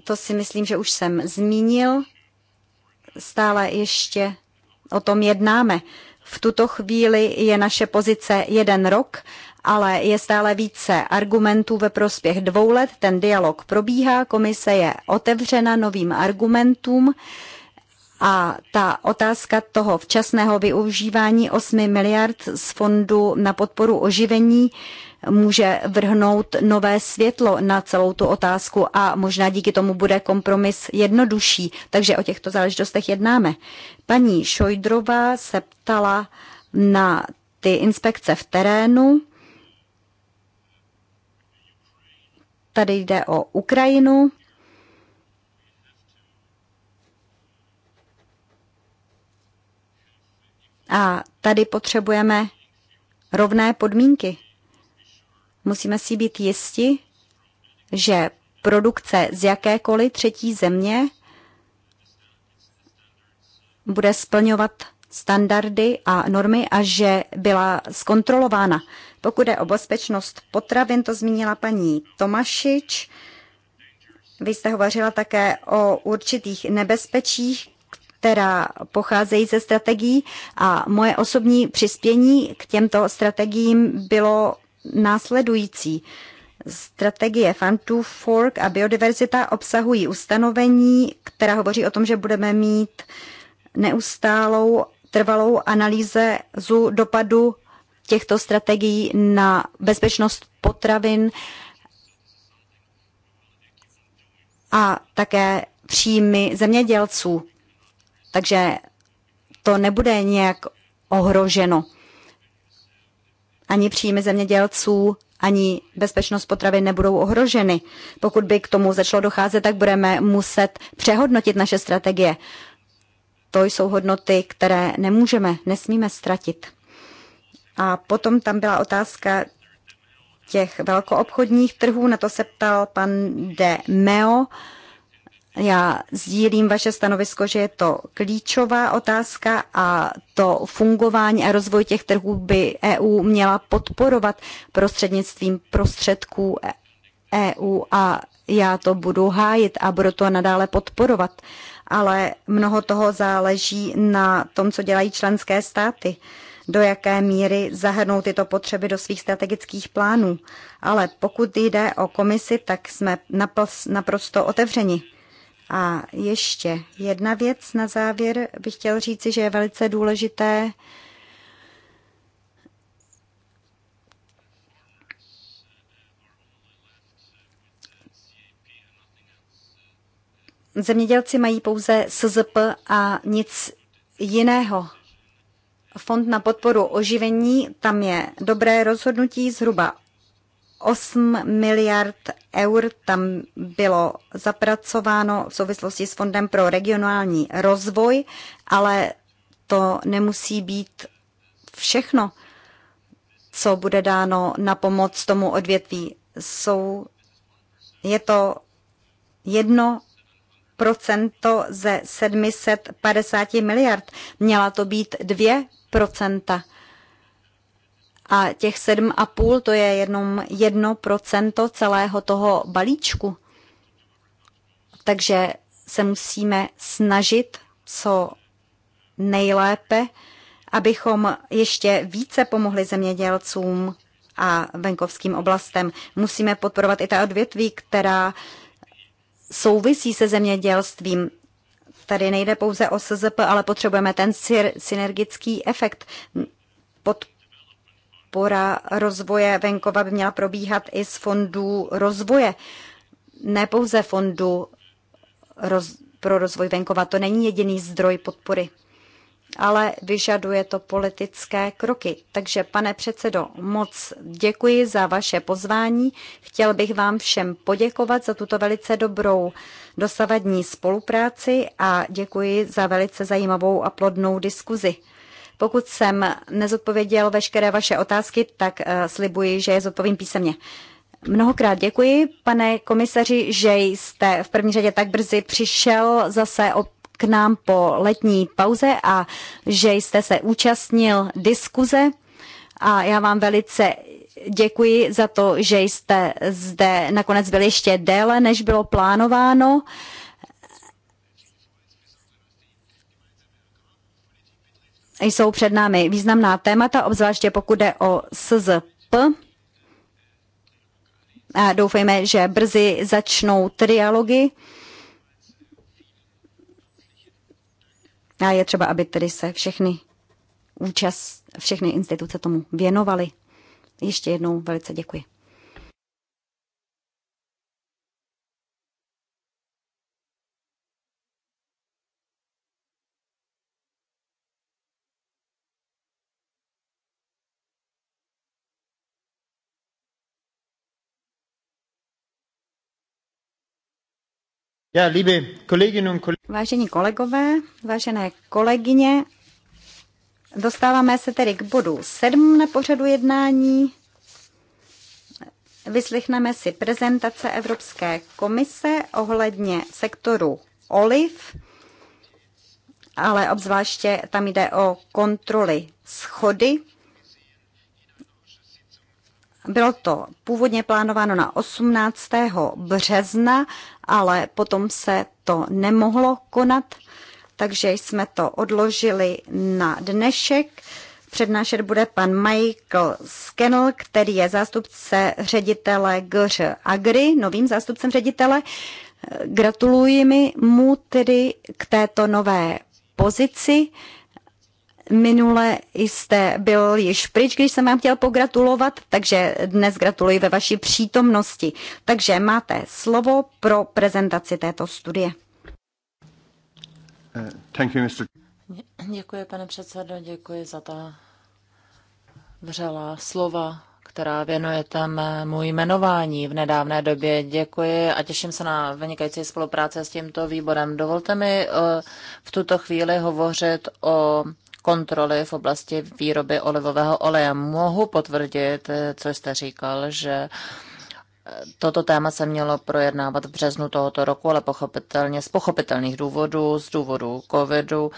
C: To si myslím, že už jsem zmínil. Stále ještě o tom jednáme. V tuto chvíli je naše pozice jeden rok, ale je stále více argumentů ve prospěch dvou let. Ten dialog probíhá, komise je otevřena novým argumentům. A ta otázka toho včasného využívání 8 miliard z fondu na podporu oživení může vrhnout nové světlo na celou tu otázku a možná díky tomu bude kompromis jednodušší. Takže o těchto záležitostech jednáme. Paní Šojdrová se ptala na ty inspekce v terénu. Tady jde o Ukrajinu. A tady potřebujeme rovné podmínky. Musíme si být jisti, že produkce z jakékoliv třetí země bude splňovat standardy a normy a že byla zkontrolována. Pokud je o bezpečnost potravin, to zmínila paní Tomašič. Vy jste hovořila také o určitých nebezpečích, která pocházejí ze strategií a moje osobní přispění k těmto strategiím bylo následující. Strategie Farm to Fork a biodiverzita obsahují ustanovení, která hovoří o tom, že budeme mít neustálou trvalou analýze zu dopadu těchto strategií na bezpečnost potravin a také příjmy zemědělců. Takže to nebude nějak ohroženo ani příjmy zemědělců, ani bezpečnost potravy nebudou ohroženy. Pokud by k tomu začalo docházet, tak budeme muset přehodnotit naše strategie. To jsou hodnoty, které nemůžeme, nesmíme ztratit. A potom tam byla otázka těch velkoobchodních trhů, na to se ptal pan De Meo. Uh, já sdílím vaše stanovisko, že je to klíčová otázka a to fungování a rozvoj těch trhů by EU měla podporovat prostřednictvím prostředků EU a já to budu hájit a budu to nadále podporovat. Ale mnoho toho záleží na tom, co dělají členské státy do jaké míry zahrnou tyto potřeby do svých strategických plánů. Ale pokud jde o komisi, tak jsme naprosto otevřeni. A ještě jedna věc na závěr bych chtěl říci, že je velice důležité Zemědělci mají pouze SZP a nic jiného. Fond na podporu oživení, tam je dobré rozhodnutí zhruba 8 miliard eur tam bylo zapracováno v souvislosti s Fondem pro regionální rozvoj, ale to nemusí být všechno, co bude dáno na pomoc tomu odvětví. Jsou, je to jedno procento ze 750 miliard. Měla to být 2 procenta. A těch 7,5 to je jenom 1% celého toho balíčku. Takže se musíme snažit co nejlépe, abychom ještě více pomohli zemědělcům a venkovským oblastem. Musíme podporovat i ta odvětví, která souvisí se zemědělstvím. Tady nejde pouze o SZP, ale potřebujeme ten synergický efekt. Pod podpora rozvoje venkova by měla probíhat i z fondů rozvoje, ne pouze fondu roz, pro rozvoj venkova. To není jediný zdroj podpory, ale vyžaduje to politické kroky. Takže, pane předsedo, moc děkuji za vaše pozvání. Chtěl bych vám všem poděkovat za tuto velice dobrou dosavadní spolupráci a děkuji za velice zajímavou a plodnou diskuzi. Pokud jsem nezodpověděl veškeré vaše otázky, tak eh, slibuji, že je zodpovím písemně. Mnohokrát děkuji, pane komisaři, že jste v první řadě tak brzy přišel zase o k nám po letní pauze a že jste se účastnil diskuze. A já vám velice děkuji za to, že jste zde nakonec byli ještě déle, než bylo plánováno. jsou před námi významná témata, obzvláště pokud jde o SZP. A doufejme, že brzy začnou trialogy. A je třeba, aby tedy se všechny účast, všechny instituce tomu věnovaly. Ještě jednou velice děkuji.
A: Ja, liebe Kolleginnen und Kollegen.
C: Vážení kolegové, vážené kolegyně, dostáváme se tedy k bodu 7 na pořadu jednání. Vyslechneme si prezentace Evropské komise ohledně sektoru oliv, ale obzvláště tam jde o kontroly schody bylo to původně plánováno na 18. března, ale potom se to nemohlo konat, takže jsme to odložili na dnešek. Přednášet bude pan Michael Skennel, který je zástupce ředitele GŘ Agri, novým zástupcem ředitele. Gratuluji mi mu tedy k této nové pozici. Minule jste byl již pryč, když jsem vám chtěl pogratulovat, takže dnes gratuluji ve vaší přítomnosti. Takže máte slovo pro prezentaci této studie. Eh, thank you, Mr.
D: Děkuji, pane předsedo, děkuji za ta vřelá slova, která věnujete mému jmenování v nedávné době. Děkuji a těším se na vynikající spolupráce s tímto výborem. Dovolte mi eh, v tuto chvíli hovořit o kontroly v oblasti výroby olivového oleje. Mohu potvrdit, co jste říkal, že Toto téma se mělo projednávat v březnu tohoto roku, ale pochopitelně z pochopitelných důvodů, z důvodu covidu,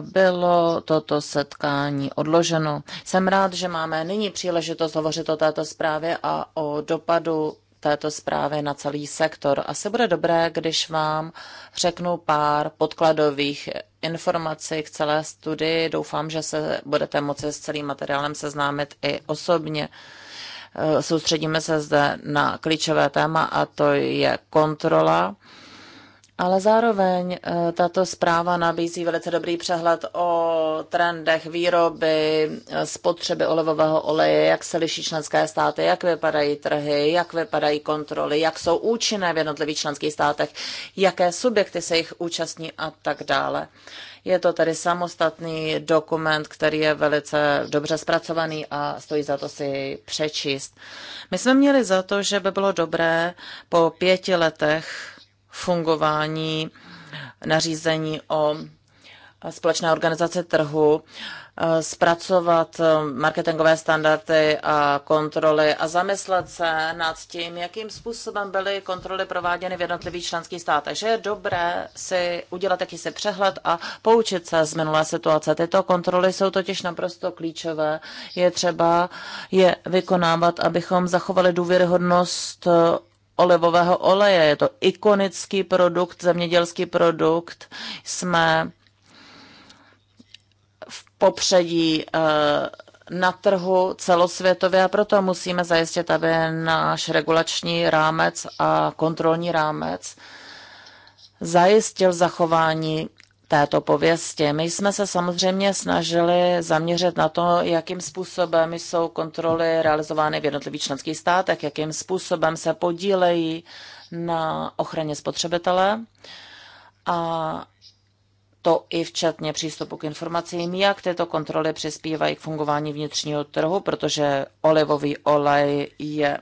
D: bylo toto setkání odloženo. Jsem rád, že máme nyní příležitost hovořit o této zprávě a o dopadu této zprávy na celý sektor. Asi bude dobré, když vám řeknu pár podkladových informací k celé studii. Doufám, že se budete moci s celým materiálem seznámit i osobně. E, soustředíme se zde na klíčové téma a to je kontrola ale zároveň eh, tato zpráva nabízí velice dobrý přehled o trendech výroby, eh, spotřeby olivového oleje, jak se liší členské státy, jak vypadají trhy, jak vypadají kontroly, jak jsou účinné v jednotlivých členských státech, jaké subjekty se jich účastní a tak dále. Je to tedy samostatný dokument, který je velice dobře zpracovaný a stojí za to si přečíst. My jsme měli za to, že by bylo dobré po pěti letech fungování nařízení o společné organizace trhu, eh, zpracovat eh, marketingové standardy a kontroly a zamyslet se nad tím, jakým způsobem byly kontroly prováděny v jednotlivých členských státech. Že je dobré si udělat jakýsi přehled a poučit se z minulé situace. Tyto kontroly jsou totiž naprosto klíčové. Je třeba je vykonávat, abychom zachovali důvěryhodnost eh, olivového oleje. Je to ikonický produkt, zemědělský produkt. Jsme v popředí eh, na trhu celosvětově a proto musíme zajistit, aby náš regulační rámec a kontrolní rámec zajistil zachování této pověsti. My jsme se samozřejmě snažili zaměřit na to, jakým způsobem jsou kontroly realizovány v jednotlivých členských státech, jakým způsobem se podílejí na ochraně spotřebitele a to i včetně přístupu k informacím, jak tyto kontroly přispívají k fungování vnitřního trhu, protože olivový olej je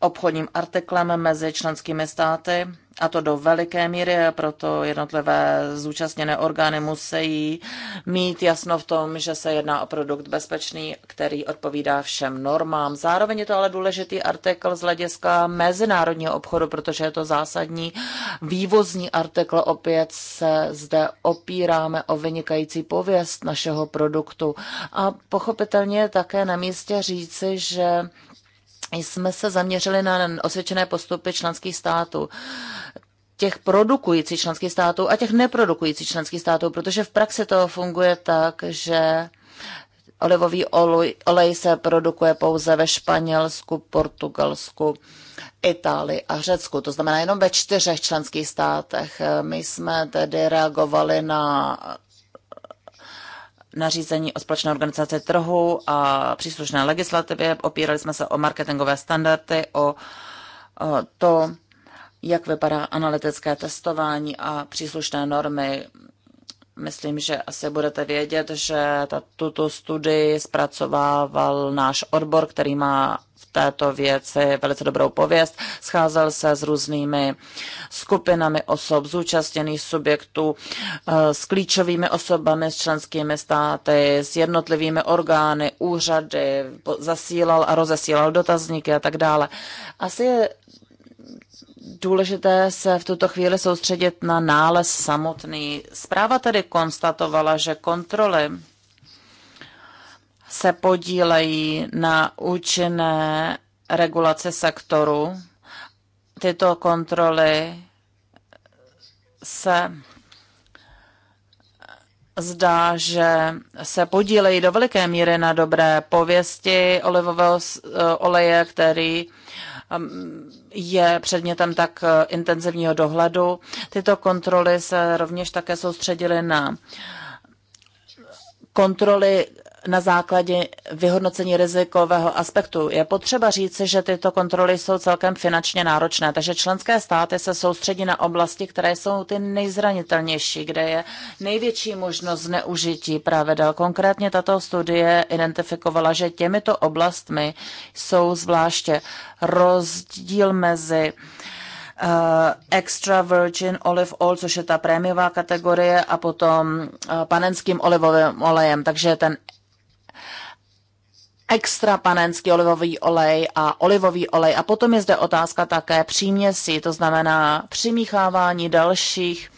D: obchodním artiklem mezi členskými státy a to do veliké míry, a proto jednotlivé zúčastněné orgány musí mít jasno v tom, že se jedná o produkt bezpečný, který odpovídá všem normám. Zároveň je to ale důležitý artikl z hlediska mezinárodního obchodu, protože je to zásadní vývozní artikl. Opět se zde opíráme o vynikající pověst našeho produktu. A pochopitelně je také na místě říci, že jsme se zaměřili na osvědčené postupy členských států těch produkujících členských států a těch neprodukujících členských států, protože v praxi to funguje tak, že olivový olej, olej se produkuje pouze ve Španělsku, Portugalsku, Itálii a Řecku. To znamená jenom ve čtyřech členských státech. My jsme tedy reagovali na nařízení o společné organizaci trhu a příslušné legislativě. Opírali jsme se o marketingové standardy, o, o to, jak vypadá analytické testování a příslušné normy. Myslím, že asi budete vědět, že tuto studii zpracovával náš odbor, který má této věci velice dobrou pověst. Scházel se s různými skupinami osob, zúčastněných subjektů, eh, s klíčovými osobami, s členskými státy, s jednotlivými orgány, úřady, zasílal a rozesílal dotazníky a tak dále. Asi je důležité se v tuto chvíli soustředit na nález samotný. Zpráva tedy konstatovala, že kontroly se podílejí na účinné regulace sektoru. Tyto kontroly se zdá, že se podílejí do veliké míry na dobré pověsti olivového oleje, který um, je předmětem tak intenzivního dohledu. Tyto kontroly se rovněž také soustředily na kontroly na základě vyhodnocení rizikového aspektu. Je potřeba říci, že tyto kontroly jsou celkem finančně náročné, takže členské státy se soustředí na oblasti, které jsou ty nejzranitelnější, kde je největší možnost zneužití pravidel. Konkrétně tato studie identifikovala, že těmito oblastmi jsou zvláště rozdíl mezi Uh, extra virgin olive oil, což je ta prémiová kategorie, a potom uh, panenským olivovým olejem. Takže ten extra panenský olivový olej a olivový olej. A potom je zde otázka také příměsí, to znamená přimíchávání dalších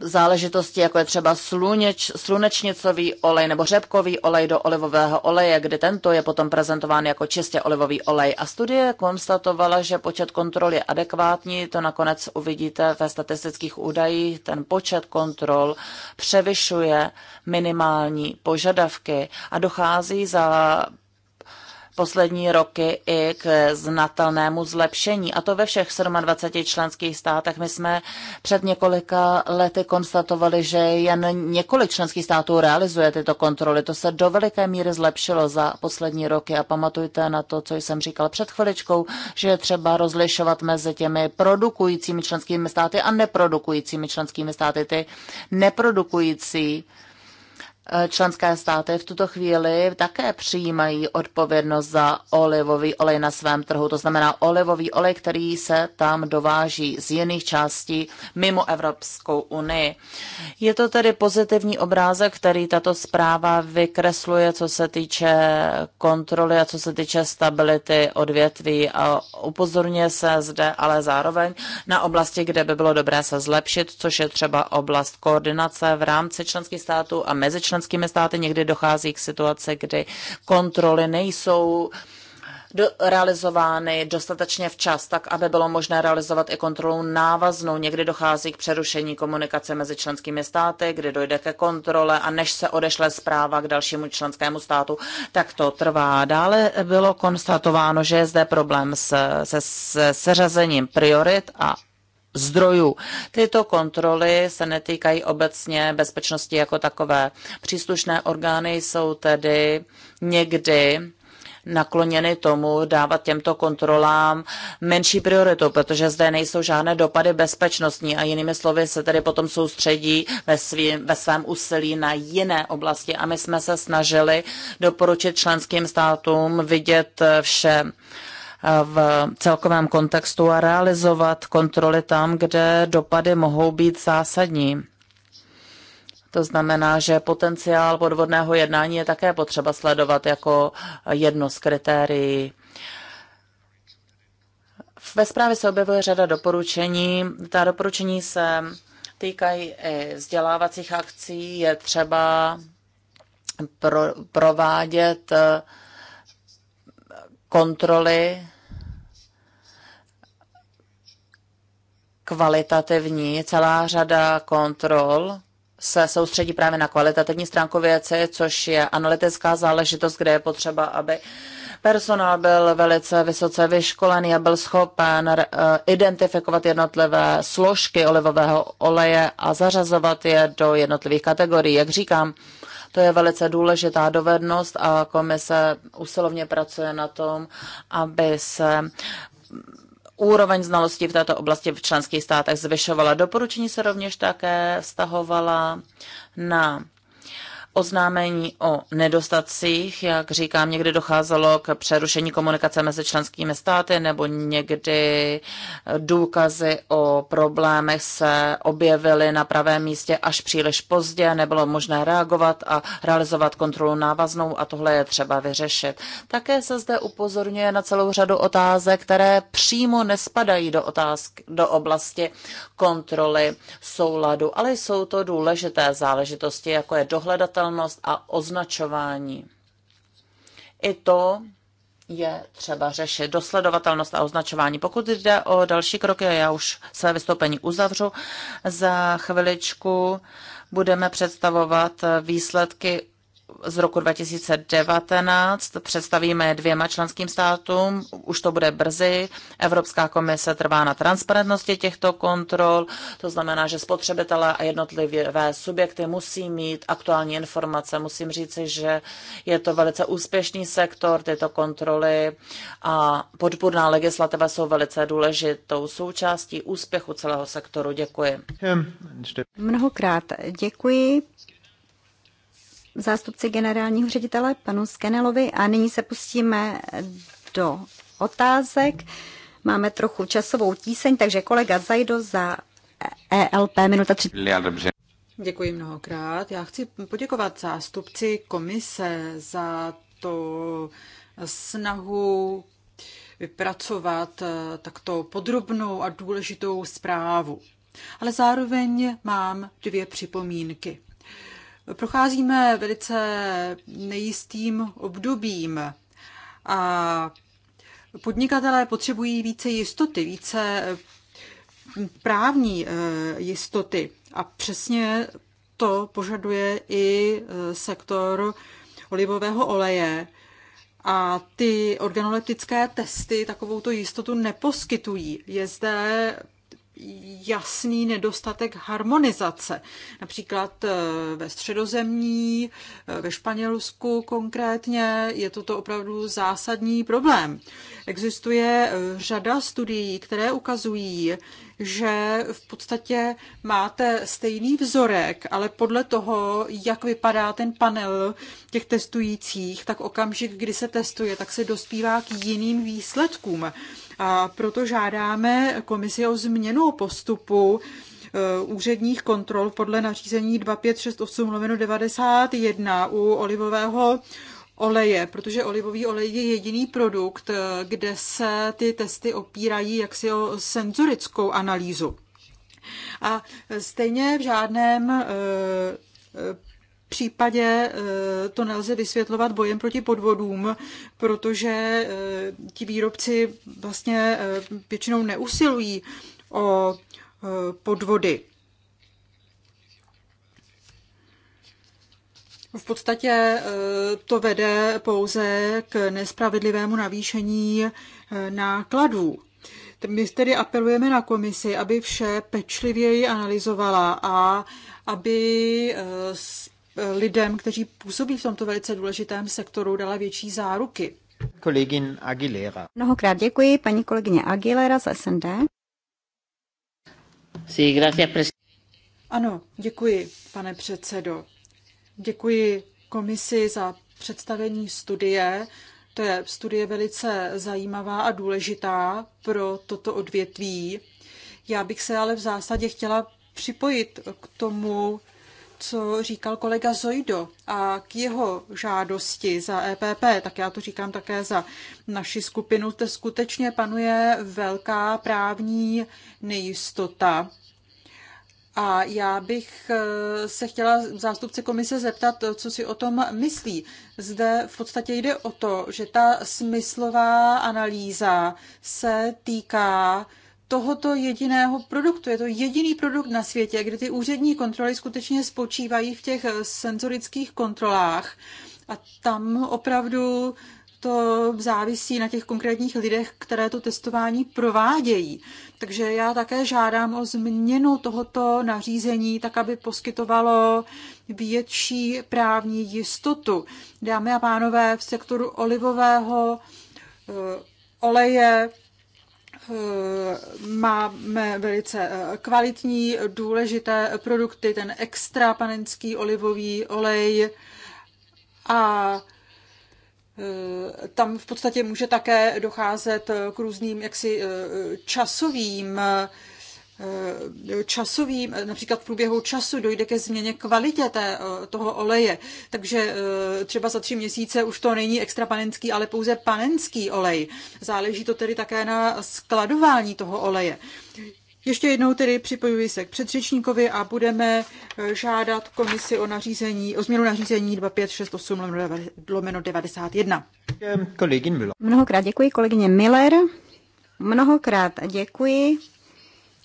D: záležitosti, jako je třeba sluneč, slunečnicový olej nebo řepkový olej do olivového oleje, kdy tento je potom prezentován jako čistě olivový olej. A studie konstatovala, že počet kontrol je adekvátní, to nakonec uvidíte ve statistických údajích, ten počet kontrol převyšuje minimální požadavky a dochází za poslední roky i k znatelnému zlepšení. A to ve všech 27 členských státech. My jsme před několika lety konstatovali, že jen několik členských států realizuje tyto kontroly. To se do veliké míry zlepšilo za poslední roky a pamatujte na to, co jsem říkal před chviličkou, že je třeba rozlišovat mezi těmi produkujícími členskými státy a neprodukujícími členskými státy. Ty neprodukující Eh, členské státy v tuto chvíli také přijímají odpovědnost za olivový olej na svém trhu, to znamená olivový olej, který se tam dováží z jiných částí mimo Evropskou unii. Je to tedy pozitivní obrázek, který tato zpráva vykresluje, co se týče kontroly a co se týče stability odvětví. A upozorně se zde ale zároveň na oblasti, kde by bylo dobré se zlepšit, což je třeba oblast koordinace v rámci členských států a mezi členských členskými státy někdy dochází k situaci, kdy kontroly nejsou do, realizovány dostatečně včas, tak aby bylo možné realizovat i kontrolu návaznou. Někdy dochází k přerušení komunikace mezi členskými státy, kdy dojde ke kontrole a než se odešle zpráva k dalšímu členskému státu, tak to trvá. Dále bylo konstatováno, že je zde problém s, se, se seřazením priorit a zdrojů. Tyto kontroly se netýkají obecně bezpečnosti jako takové. Příslušné orgány jsou tedy někdy nakloněny tomu dávat těmto kontrolám menší prioritu, protože zde nejsou žádné dopady bezpečnostní a jinými slovy se tedy potom soustředí ve, svým, ve svém úsilí na jiné oblasti a my jsme se snažili doporučit členským státům vidět vše v celkovém kontextu a realizovat kontroly tam, kde dopady mohou být zásadní. To znamená, že potenciál podvodného jednání je také potřeba sledovat jako jedno z kritérií. Ve zprávě se objevuje řada doporučení. Ta doporučení se týkají i vzdělávacích akcí. Je třeba pro, provádět eh, kontroly kvalitativní. Celá řada kontrol se soustředí právě na kvalitativní stránku věci, což je analytická záležitost, kde je potřeba, aby personál byl velice vysoce vyškolený a byl schopen eh, identifikovat jednotlivé složky olivového oleje a zařazovat je do jednotlivých kategorií. Jak říkám, to je velice důležitá dovednost a komise usilovně pracuje na tom, aby se úroveň znalostí v této oblasti v členských státech zvyšovala. Doporučení se rovněž také vztahovala na oznámení o nedostacích. Jak říkám, někdy docházelo k přerušení komunikace mezi členskými státy nebo někdy důkazy o problémech se objevily na pravém místě až příliš pozdě, nebylo možné reagovat a realizovat kontrolu návaznou a tohle je třeba vyřešit. Také se zde upozorňuje na celou řadu otázek, které přímo nespadají do, otázky, do oblasti kontroly souladu, ale jsou to důležité záležitosti, jako je dohledatelnost viditelnost a označování. I to je třeba řešit. Dosledovatelnost a označování. Pokud jde o další kroky, já už své vystoupení uzavřu. Za chviličku budeme představovat výsledky z roku 2019 představíme dvěma členským státům, už to bude brzy. Evropská komise trvá na transparentnosti těchto kontrol, to znamená, že spotřebitelé a jednotlivé subjekty musí mít aktuální informace. Musím říci, že je to velice úspěšný sektor, tyto kontroly a podpůrná legislativa jsou velice důležitou součástí úspěchu celého sektoru. Děkuji.
C: Mnohokrát děkuji zástupci generálního ředitele, panu Skenelovi. A nyní se pustíme do otázek. Máme trochu časovou tíseň, takže kolega Zajdo za ELP minuta 30. Děkuji mnohokrát. Já chci poděkovat
B: zástupci komise za to snahu vypracovat eh, takto podrobnou a důležitou zprávu. Ale zároveň mám dvě připomínky. Procházíme velice nejistým obdobím a podnikatelé potřebují více jistoty, více eh, právní eh, jistoty. A přesně to požaduje i eh, sektor olivového oleje. A ty organoleptické testy takovouto jistotu neposkytují. Je zde jasný nedostatek harmonizace. Například eh, ve středozemní, eh, ve Španělsku konkrétně, je toto opravdu zásadní problém. Existuje eh, řada studií, které ukazují, že v podstatě máte stejný vzorek, ale podle toho, jak vypadá ten panel těch testujících, tak okamžik, kdy se testuje, tak se dospívá k jiným výsledkům. A proto žádáme komisi o změnu postupu eh, úředních kontrol podle nařízení 2568 91 u olivového oleje, protože olivový olej je jediný produkt, eh, kde se ty testy opírají jaksi o senzorickou analýzu. A stejně v žádném eh, případě eh, to nelze vysvětlovat bojem proti podvodům, protože eh, ti výrobci vlastně eh, většinou neusilují o podvody. V podstatě to vede pouze k nespravedlivému navýšení nákladů. My tedy apelujeme na komisi, aby vše pečlivěji analyzovala a aby lidem, kteří působí v tomto velice důležitém sektoru, dala větší záruky.
C: Kolegin Aguilera. Mnohokrát děkuji, paní kolegyně Aguilera z SND. Sí, gracias, pres-
B: ano, děkuji, pane předsedo. Děkuji komisi za představení studie. To je studie velice zajímavá a důležitá pro toto odvětví. Já bych se ale v zásadě chtěla připojit k tomu, co říkal kolega Zojdo a k jeho žádosti za EPP, tak já to říkám také za naši skupinu, to skutečně panuje velká právní nejistota. A já bych eh, se chtěla zástupce komise zeptat, co si o tom myslí. Zde v podstatě jde o to, že ta smyslová analýza se týká tohoto jediného produktu. Je to jediný produkt na světě, kde ty úřední kontroly skutečně spočívají v těch eh, senzorických kontrolách. A tam opravdu to závisí na těch konkrétních lidech, které to testování provádějí. Takže já také žádám o změnu tohoto nařízení, tak aby poskytovalo větší právní jistotu. Dámy a pánové, v sektoru olivového eh, oleje Eh, máme velice eh, kvalitní, důležité produkty, ten extra panenský olivový olej a eh, tam v podstatě může také docházet k různým jaksi časovým Eh, časovým, například v průběhu času dojde ke změně kvalitě té, eh, toho oleje. Takže eh, třeba za tři měsíce už to není extra panenský, ale pouze panenský olej. Záleží to tedy také na skladování toho oleje. Ještě jednou tedy připojuji se k předřečníkovi a budeme žádat komisi o, nařízení, o změnu nařízení
C: 2568 lomeno 91. Mnohokrát děkuji kolegyně Miller. Mnohokrát děkuji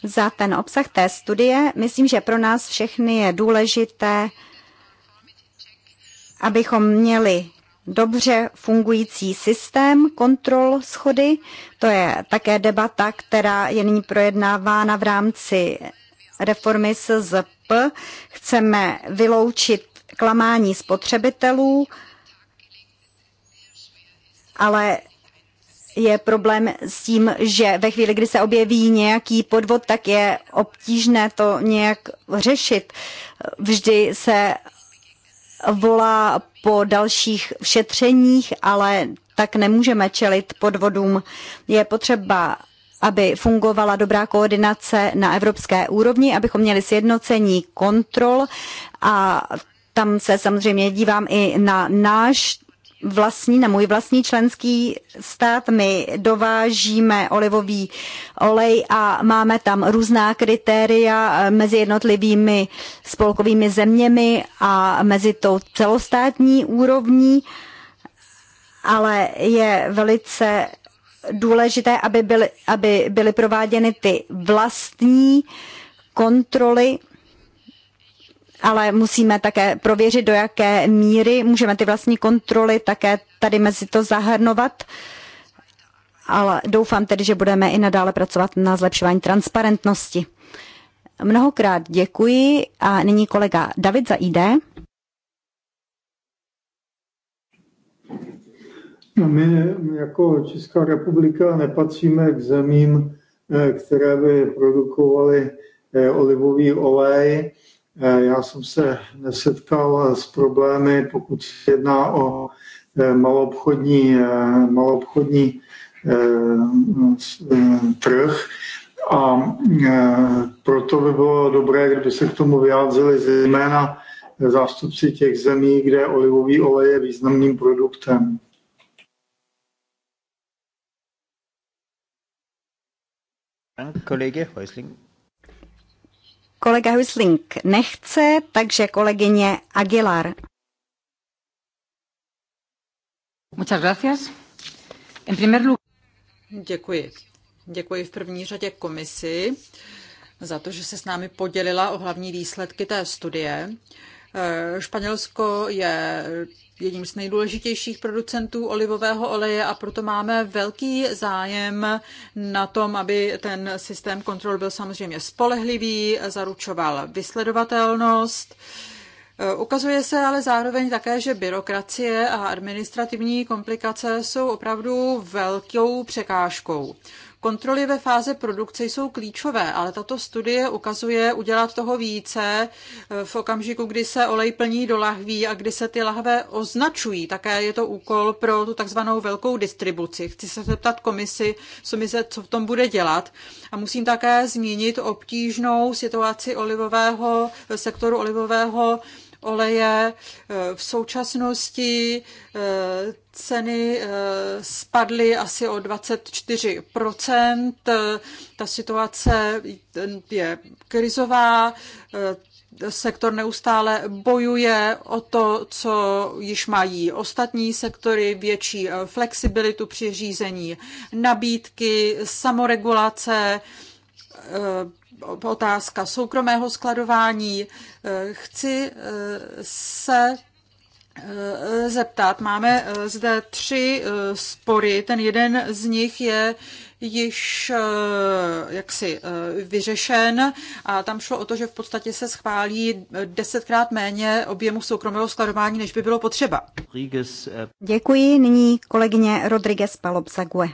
C: za ten obsah té studie. Myslím, že pro nás všechny je důležité, abychom měli dobře fungující systém kontrol schody. To je také debata, která je nyní projednávána v rámci reformy SZP. Chceme vyloučit klamání spotřebitelů, ale je problém s tím, že ve chvíli, kdy se objeví nějaký podvod, tak je obtížné to nějak řešit. Vždy se volá po dalších všetřeních, ale tak nemůžeme čelit podvodům. Je potřeba aby fungovala dobrá koordinace na evropské úrovni, abychom měli sjednocení kontrol a tam se samozřejmě dívám i na náš vlastní, na můj vlastní členský stát. My dovážíme olivový olej a máme tam různá kritéria eh, mezi jednotlivými spolkovými zeměmi a mezi tou celostátní úrovní, ale je velice důležité, aby byly, aby byly prováděny ty vlastní kontroly ale musíme také prověřit, do jaké míry můžeme ty vlastní kontroly také tady mezi to zahrnovat. Ale doufám tedy, že budeme i nadále pracovat na zlepšování transparentnosti. Mnohokrát děkuji a nyní kolega David za ID.
A: No, my jako Česká republika nepatříme k zemím, eh, které by produkovaly eh, olivový olej Eh, já jsem se nesetkal eh, s problémy, pokud se jedná o eh, maloobchodní, malobchodní trh. A proto by bylo dobré, kdyby se k tomu vyjádřili zejména zástupci těch zemí, kde olivový olej je významným produktem. Kollege Häusling.
C: Kolega Husling nechce, takže kolegyně Aguilar. Muchas gracias. En primer lugar...
B: Děkuji. Děkuji v první řadě komisi za to, že se s námi podělila o hlavní výsledky té studie. Eh, Španělsko je jedním z nejdůležitějších producentů olivového oleje a proto máme velký zájem na tom, aby ten systém kontrol byl samozřejmě spolehlivý, zaručoval vysledovatelnost. Eh, Ukazuje se ale zároveň také, že byrokracie a administrativní komplikace jsou opravdu velkou překážkou. Kontroly ve fáze produkce jsou klíčové, ale tato studie ukazuje udělat toho více eh, v okamžiku, kdy se olej plní do lahví a kdy se ty lahve označují. Také je to úkol pro tu takzvanou velkou distribuci. Chci se zeptat komisi, co, mi se, co v tom bude dělat. A musím také zmínit obtížnou situaci olivového sektoru olivového oleje. Eh, v současnosti eh, ceny eh, spadly asi o 24 Ta situace je krizová, sektor neustále bojuje o to, co již mají ostatní sektory, větší flexibilitu při řízení nabídky, samoregulace, otázka soukromého skladování. Eh, chci eh, se eh, zeptat. Máme zde tři spory. Ten jeden z nich je již jaksi vyřešen a tam šlo o to, že v podstatě se schválí desetkrát méně objemu soukromého skladování, než by bylo potřeba.
C: Děkuji. Nyní kolegyně Rodriguez Palobzague.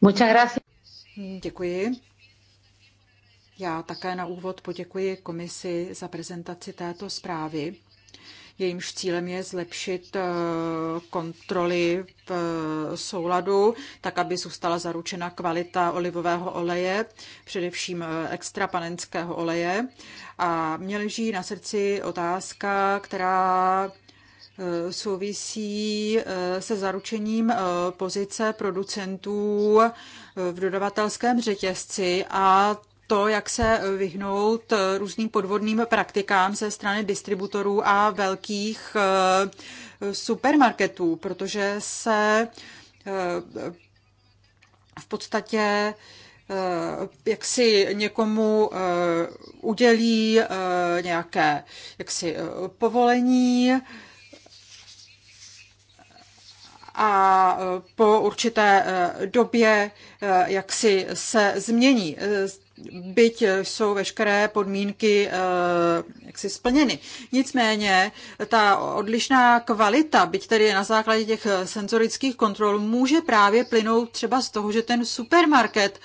C: Muchas gracias.
B: Děkuji. Já také na úvod poděkuji komisi za prezentaci této zprávy. Jejímž cílem je zlepšit eh, kontroly v eh, souladu, tak aby zůstala zaručena kvalita olivového oleje, především eh, extra panenského oleje. A mě leží na srdci otázka, která Eh, souvisí eh, se zaručením eh, pozice producentů v dodavatelském řetězci a to, jak se vyhnout různým podvodným praktikám ze strany distributorů a velkých supermarketů, protože se v podstatě jak si někomu udělí nějaké jak si povolení, a e, po určité e, době e, jaksi se změní. Byť jsou veškeré podmínky jaksi splněny. Nicméně ta odlišná kvalita, byť tedy na základě těch senzorických kontrol, může právě plynout třeba z toho, že ten supermarket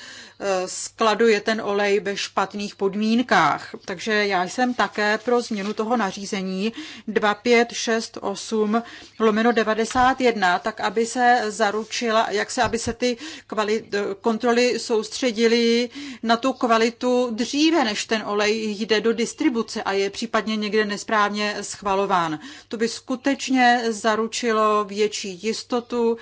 B: skladuje ten olej ve špatných podmínkách. Takže já jsem také pro změnu toho nařízení 2568 lomeno 91, tak aby se zaručila, jak se, aby se ty kvali, kontroly soustředily na tu kvalitu dříve, než ten olej jde do distribuce a je případně někde nesprávně schvalován. To by skutečně zaručilo větší jistotu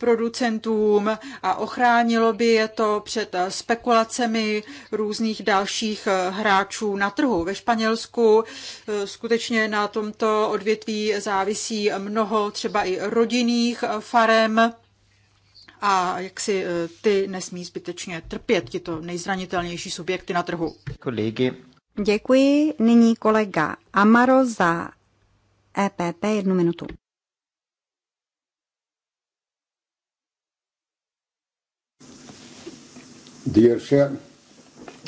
B: producentům a ochránilo by je to před spekulacemi různých dalších eh, hráčů na trhu. Ve Španělsku eh, skutečně na tomto odvětví závisí mnoho třeba i rodinných eh, farem a jak si ty nesmí zbytečně trpět, tyto nejzranitelnější subjekty na trhu.
A: Kolegy.
C: Děkuji. Nyní kolega Amaro za EPP jednu minutu.
A: Dear share,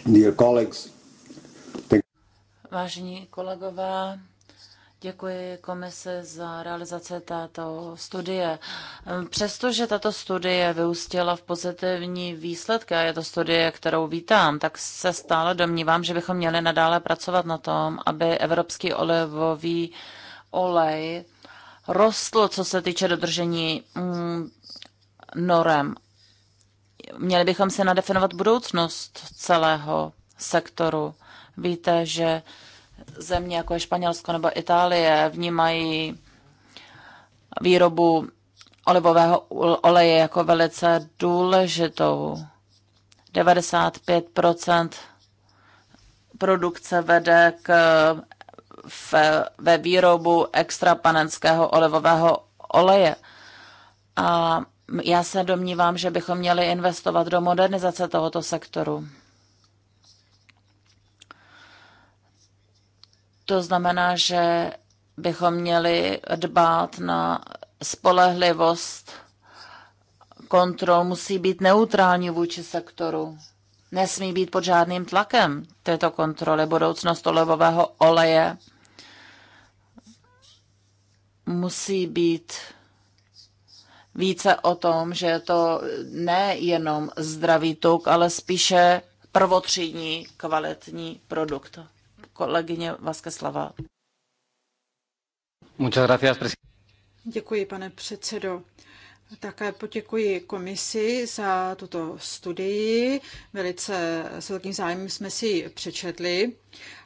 A: dear colleagues, thank
D: Vážení kolegové, děkuji komise za realizace této studie. Přestože tato studie vyústila v pozitivní výsledky a je to studie, kterou vítám, tak se stále domnívám, že bychom měli nadále pracovat na tom, aby evropský olivový olej rostl, co se týče dodržení mm, norem Měli bychom se nadefinovat budoucnost celého sektoru. Víte, že země jako je Španělsko nebo Itálie vnímají výrobu olivového oleje jako velice důležitou. 95 produkce vede k, v, ve výrobu extrapanenského olivového oleje. A já se domnívám, že bychom měli investovat do modernizace tohoto sektoru. To znamená, že bychom měli dbát na spolehlivost kontrol, musí být neutrální vůči sektoru. Nesmí být pod žádným tlakem této kontroly. Budoucnost olivového oleje musí být více o tom, že je to nejenom zdravý tuk, ale spíše prvotřídní kvalitní produkt. Kolegyně
B: Vaskeslava. Děkuji, pane předsedo. Také poděkuji komisi za tuto studii. Velice s velkým zájmem jsme si ji přečetli.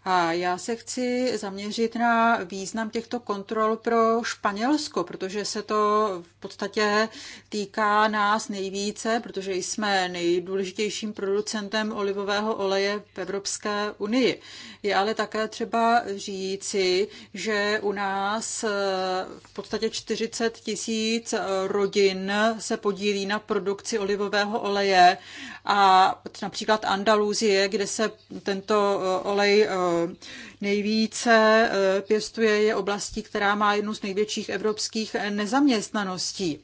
B: A já se chci zaměřit na význam těchto kontrol pro Španělsko, protože se to v podstatě týká nás nejvíce, protože jsme nejdůležitějším producentem olivového oleje v Evropské unii. Je ale také třeba říci, že u nás eh, v podstatě 40 tisíc rodin se podílí na produkci olivového oleje a například Andaluzie, kde se tento eh, olej Eh, nejvíce eh, pěstuje, je oblastí, která má jednu z největších evropských eh, nezaměstnaností.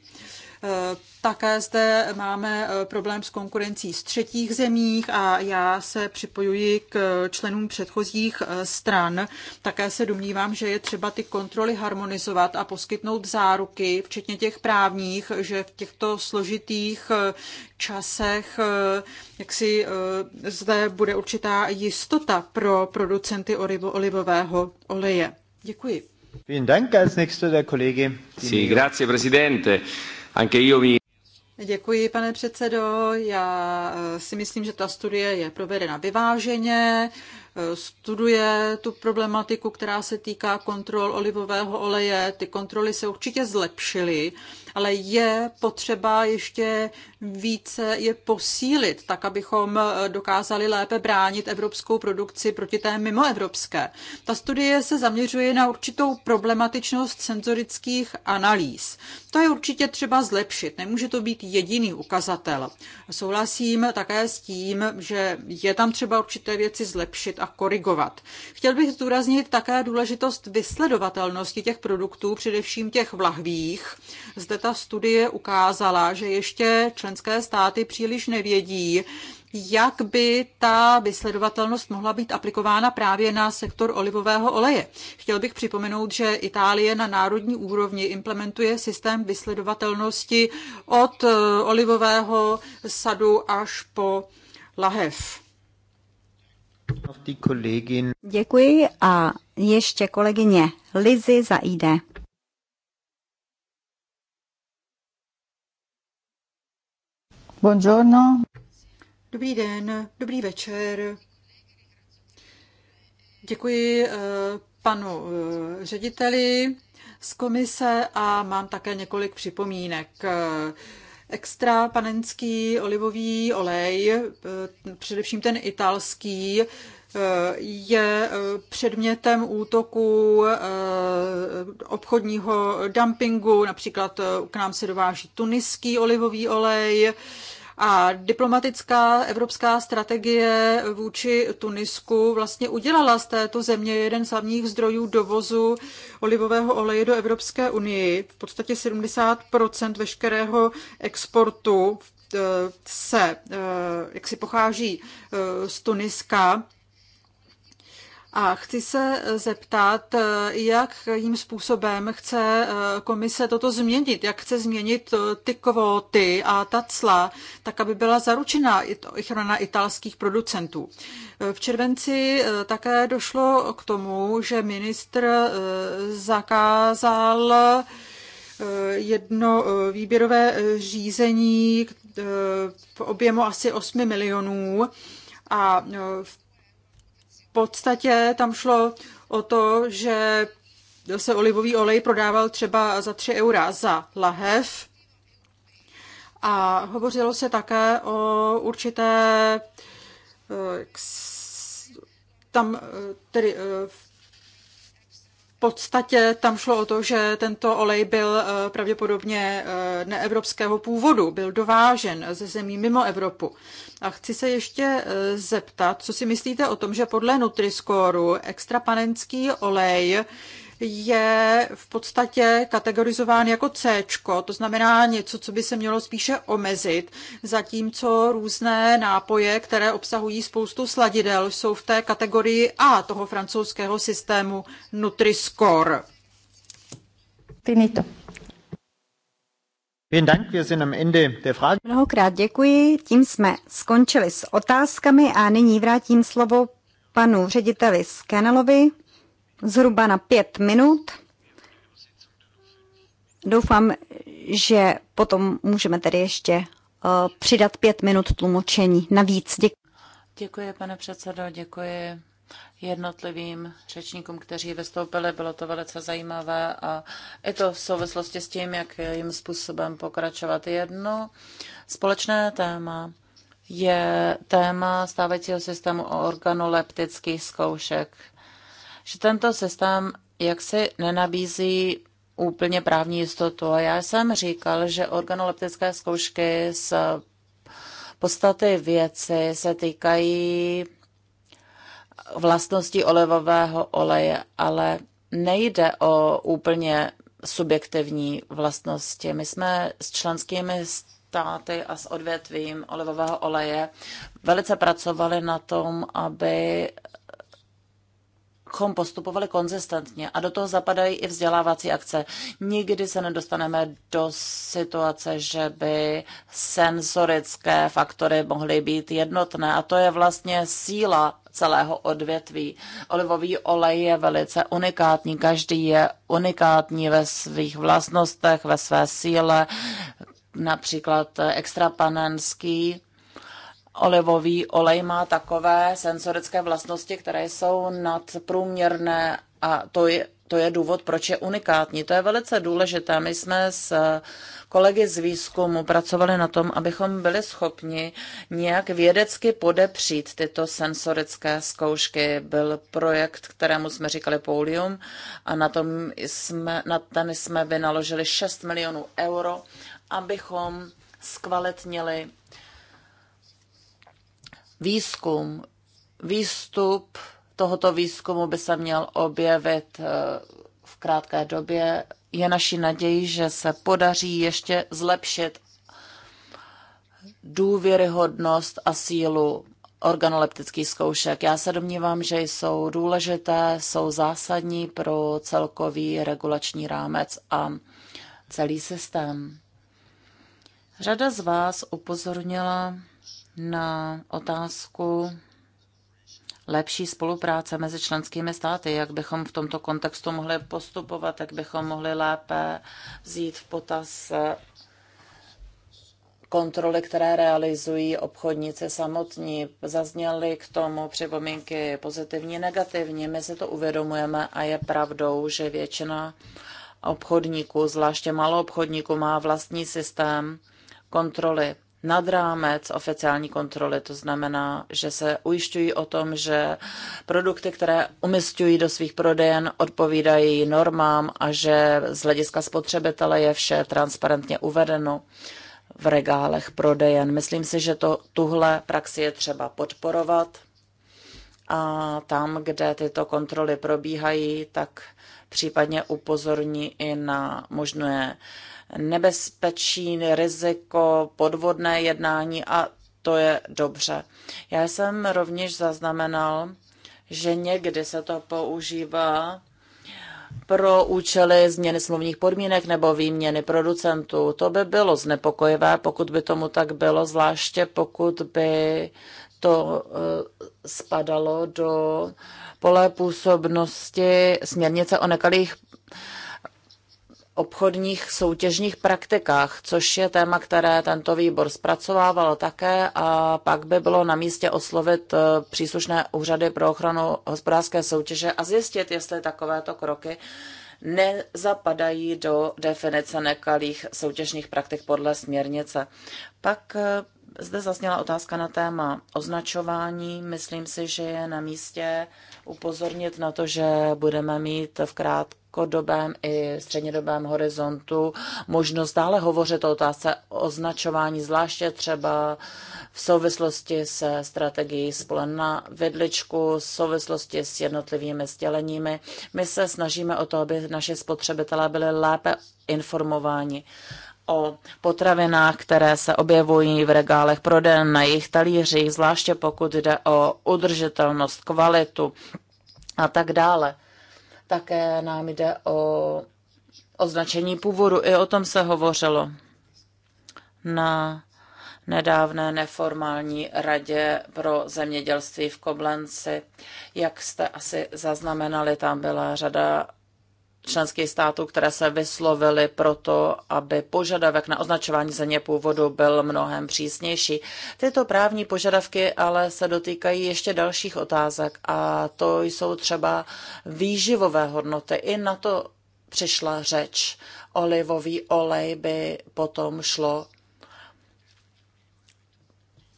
B: Eh, také zde máme eh, problém s konkurencí z třetích zemích a já se připojuji k členům předchozích eh, stran. Také se domnívám, že je třeba ty kontroly harmonizovat a poskytnout záruky, včetně těch právních, že v těchto složitých časech jak si zde bude určitá jistota pro producenty olivového oleje. Děkuji.
A: Vielen Dank. Als nächster der Kollege.
C: Sì, grazie Presidente.
B: Děkuji, pane předsedo. Já eh, si myslím, že ta studie je provedena vyváženě, eh, studuje tu problematiku, která se týká kontrol olivového oleje. Ty kontroly se určitě zlepšily ale je potřeba ještě více je posílit, tak abychom eh, dokázali lépe bránit evropskou produkci proti té mimoevropské. Ta studie se zaměřuje na určitou problematičnost senzorických analýz. To je určitě třeba zlepšit, nemůže to být jediný ukazatel. Souhlasím také s tím, že je tam třeba určité věci zlepšit a korigovat. Chtěl bych zdůraznit také důležitost vysledovatelnosti těch produktů, především těch vlahvých, zde ta studie ukázala, že ještě členské státy příliš nevědí, jak by ta vysledovatelnost mohla být aplikována právě na sektor olivového oleje. Chtěl bych připomenout, že Itálie na národní úrovni implementuje systém vysledovatelnosti od eh, olivového sadu až po
C: lahev. Děkuji a ještě kolegyně Lizy za ID.
B: Buongiorno. Dobrý den, dobrý večer. Děkuji eh, panu eh, řediteli z komise a mám také několik připomínek. Eh, extra panenský olivový olej, především ten italský, je předmětem útoku obchodního dumpingu. Například k nám se dováží tuniský olivový olej, a diplomatická evropská strategie vůči Tunisku vlastně udělala z této země jeden z hlavních zdrojů dovozu olivového oleje do Evropské unii. V podstatě 70 veškerého exportu eh, se, eh, jak si pochází eh, z Tuniska. A chci se zeptat, jakým způsobem chce eh, komise toto změnit, jak chce změnit eh, ty kvóty a ta cla, tak aby byla zaručena ochrana italských producentů. Eh, v červenci také došlo k tomu, že ministr zakázal jedno výběrové řízení v objemu asi 8 milionů a v podstatě tam šlo o to, že se olivový olej prodával třeba za 3 eura za lahev. A hovořilo se také o určité eh, tam eh, tedy v eh, podstatě tam šlo o to, že tento olej byl eh, pravděpodobně eh, neevropského původu, byl dovážen ze zemí mimo Evropu. A chci se ještě eh, zeptat, co si myslíte o tom, že podle nutriscoreu extrapanenský olej je v podstatě kategorizován jako C, to znamená něco, co by se mělo spíše omezit, zatímco různé nápoje, které obsahují spoustu sladidel, jsou v té kategorii A toho francouzského systému Nutri-Score.
C: Finito. Mnohokrát děkuji, tím jsme skončili s otázkami a nyní vrátím slovo panu řediteli Skenelovi, zhruba na pět minut. Doufám, že potom můžeme tedy ještě eh, přidat pět minut tlumočení. Navíc děkuji.
D: Děkuji, pane předsedo, děkuji jednotlivým řečníkům, kteří vystoupili. Bylo to velice zajímavé a i to v souvislosti s tím, jak jim způsobem pokračovat. Jedno společné téma je téma stávajícího systému organoleptických zkoušek že tento systém jaksi nenabízí úplně právní jistotu. A já jsem říkal, že organoleptické zkoušky z podstaty věci se týkají vlastností olivového oleje, ale nejde o úplně subjektivní vlastnosti. My jsme s členskými státy a s odvětvím olivového oleje velice pracovali na tom, aby abychom postupovali konzistentně a do toho zapadají i vzdělávací akce. Nikdy se nedostaneme do situace, že by senzorické faktory mohly být jednotné a to je vlastně síla celého odvětví. Olivový olej je velice unikátní, každý je unikátní ve svých vlastnostech, ve své síle, například extrapanenský olivový olej má takové sensorické vlastnosti, které jsou nadprůměrné a to je, to je důvod, proč je unikátní. To je velice důležité. My jsme s kolegy z výzkumu pracovali na tom, abychom byli schopni nějak vědecky podepřít tyto sensorické zkoušky. Byl projekt, kterému jsme říkali Polium a na, tom jsme, na ten jsme vynaložili 6 milionů euro, abychom zkvalitnili výzkum, výstup tohoto výzkumu by se měl objevit eh, v krátké době. Je naší naději, že se podaří ještě zlepšit důvěryhodnost a sílu organoleptických zkoušek. Já se domnívám, že jsou důležité, jsou zásadní pro celkový regulační rámec a celý systém. Řada z vás upozornila na otázku lepší spolupráce mezi členskými státy, jak bychom v tomto kontextu mohli postupovat, jak bychom mohli lépe vzít v potaz kontroly, které realizují obchodníci samotní. Zazněly k tomu připomínky pozitivní, negativní. My si to uvědomujeme a je pravdou, že většina obchodníků, zvláště malou obchodníků, má vlastní systém kontroly nad rámec oficiální kontroly. To znamená, že se ujišťují o tom, že produkty, které umistují do svých prodejen, odpovídají normám a že z hlediska spotřebitele je vše transparentně uvedeno v regálech prodejen. Myslím si, že to, tuhle praxi je třeba podporovat a tam, kde tyto kontroly probíhají, tak případně upozorní i na možné nebezpečí, riziko, podvodné jednání a to je dobře. Já jsem rovněž zaznamenal, že někdy se to používá pro účely změny smluvních podmínek nebo výměny producentů. To by bylo znepokojivé, pokud by tomu tak bylo, zvláště pokud by to e, spadalo do pole působnosti směrnice o nekalých obchodních soutěžních praktikách, což je téma, které tento výbor zpracovával také a pak by bylo na místě oslovit eh, příslušné úřady pro ochranu hospodářské soutěže a zjistit, jestli takovéto kroky nezapadají do definice nekalých soutěžních praktik podle směrnice. Pak eh, zde zazněla otázka na téma označování. Myslím si, že je na místě upozornit na to, že budeme mít v krát krátkodobém i střednědobém horizontu možnost dále hovořit o otázce označování, zvláště třeba v souvislosti se strategií spolen na vidličku, v souvislosti s jednotlivými sděleními. My se snažíme o to, aby naši spotřebitelé byli lépe informováni o potravinách, které se objevují v regálech prodejen na jejich talířích, zvláště pokud jde o udržitelnost, kvalitu a tak dále. Také nám jde o označení původu. I o tom se hovořilo na nedávné neformální radě pro zemědělství v Koblenci. Jak jste asi zaznamenali, tam byla řada členských států, které se vyslovily proto, aby požadavek na označování země původu byl mnohem přísnější. Tyto právní požadavky ale se dotýkají ještě dalších otázek a to jsou třeba výživové hodnoty. I na to přišla řeč. Olivový olej by potom šlo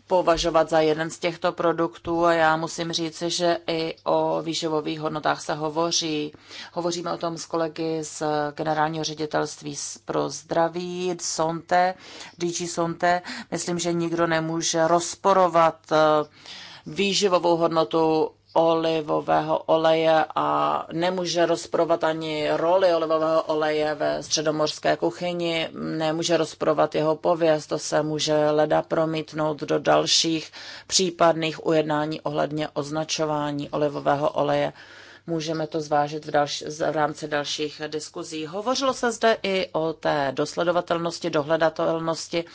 D: považovat za jeden z těchto produktů a já musím říct, že i o výživových hodnotách se hovoří. Hovoříme o tom s kolegy z generálního ředitelství pro zdraví, Sonte, DG Sonte. Myslím, že nikdo nemůže rozporovat eh, výživovou hodnotu olivového oleje a nemůže rozprovat ani roli olivového oleje ve středomorské kuchyni, nemůže rozprovat jeho pověst, to se může leda promítnout do dalších případných ujednání ohledně označování olivového oleje. Můžeme to zvážit v, další, v rámci dalších diskuzí. Hovořilo se zde i o té dosledovatelnosti, dohledatelnosti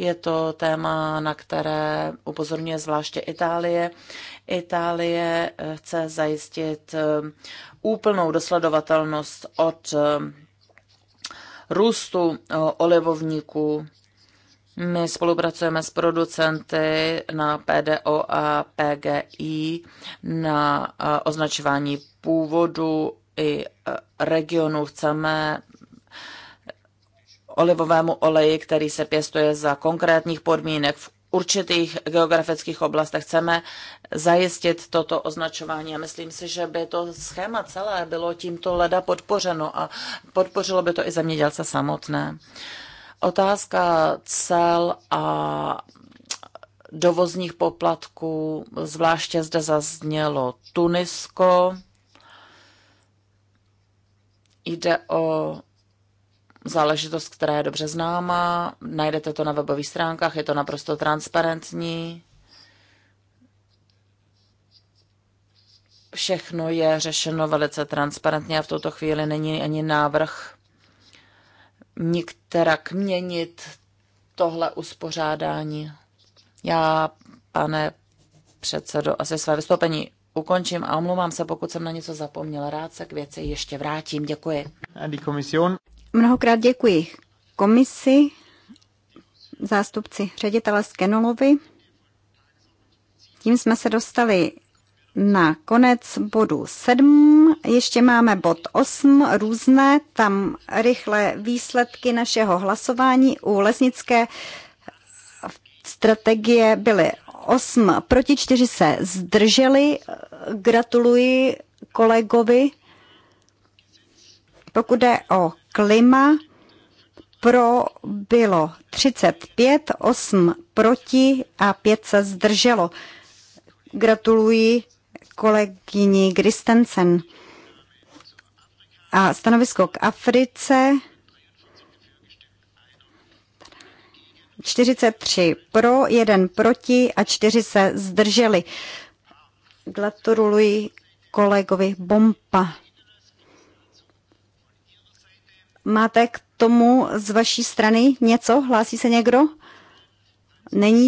D: je to téma, na které upozorňuje zvláště Itálie. Itálie eh, chce zajistit eh, úplnou dosledovatelnost od eh, růstu olivovníků. My spolupracujeme s producenty na PDO a PGI na označování původu i regionu. Chceme olivovému oleji, který se pěstuje za konkrétních podmínek v určitých geografických oblastech. Chceme zajistit toto označování a myslím si, že by to schéma celé bylo tímto leda podpořeno a podpořilo by to i zemědělce samotné. Otázka cel a dovozních poplatků, zvláště zde zaznělo Tunisko. Jde o záležitost, která je dobře známá. Najdete to na webových stránkách, je to naprosto transparentní. Všechno je řešeno velice transparentně a v tuto chvíli není ani návrh nikterak měnit tohle uspořádání. Já, pane předsedo, asi své vystoupení ukončím a omlouvám se, pokud jsem na něco zapomněla. Rád se k
A: věci
C: ještě vrátím. Děkuji. Andy komision. Mnohokrát děkuji komisi, zástupci ředitele Skenolovi. Tím jsme se dostali na konec bodu 7. Ještě máme bod 8, různé, tam rychle výsledky našeho hlasování u lesnické strategie byly 8 proti 4 se zdrželi. Gratuluji kolegovi. Pokud jde o klima pro bylo 35, 8 proti a 5 se zdrželo. Gratuluji kolegyni Kristensen. A stanovisko k Africe 43 pro, 1 proti a 4 se zdrželi. Gratuluji kolegovi Bompa. Máte k tomu z vaší strany něco? Hlásí se někdo? Není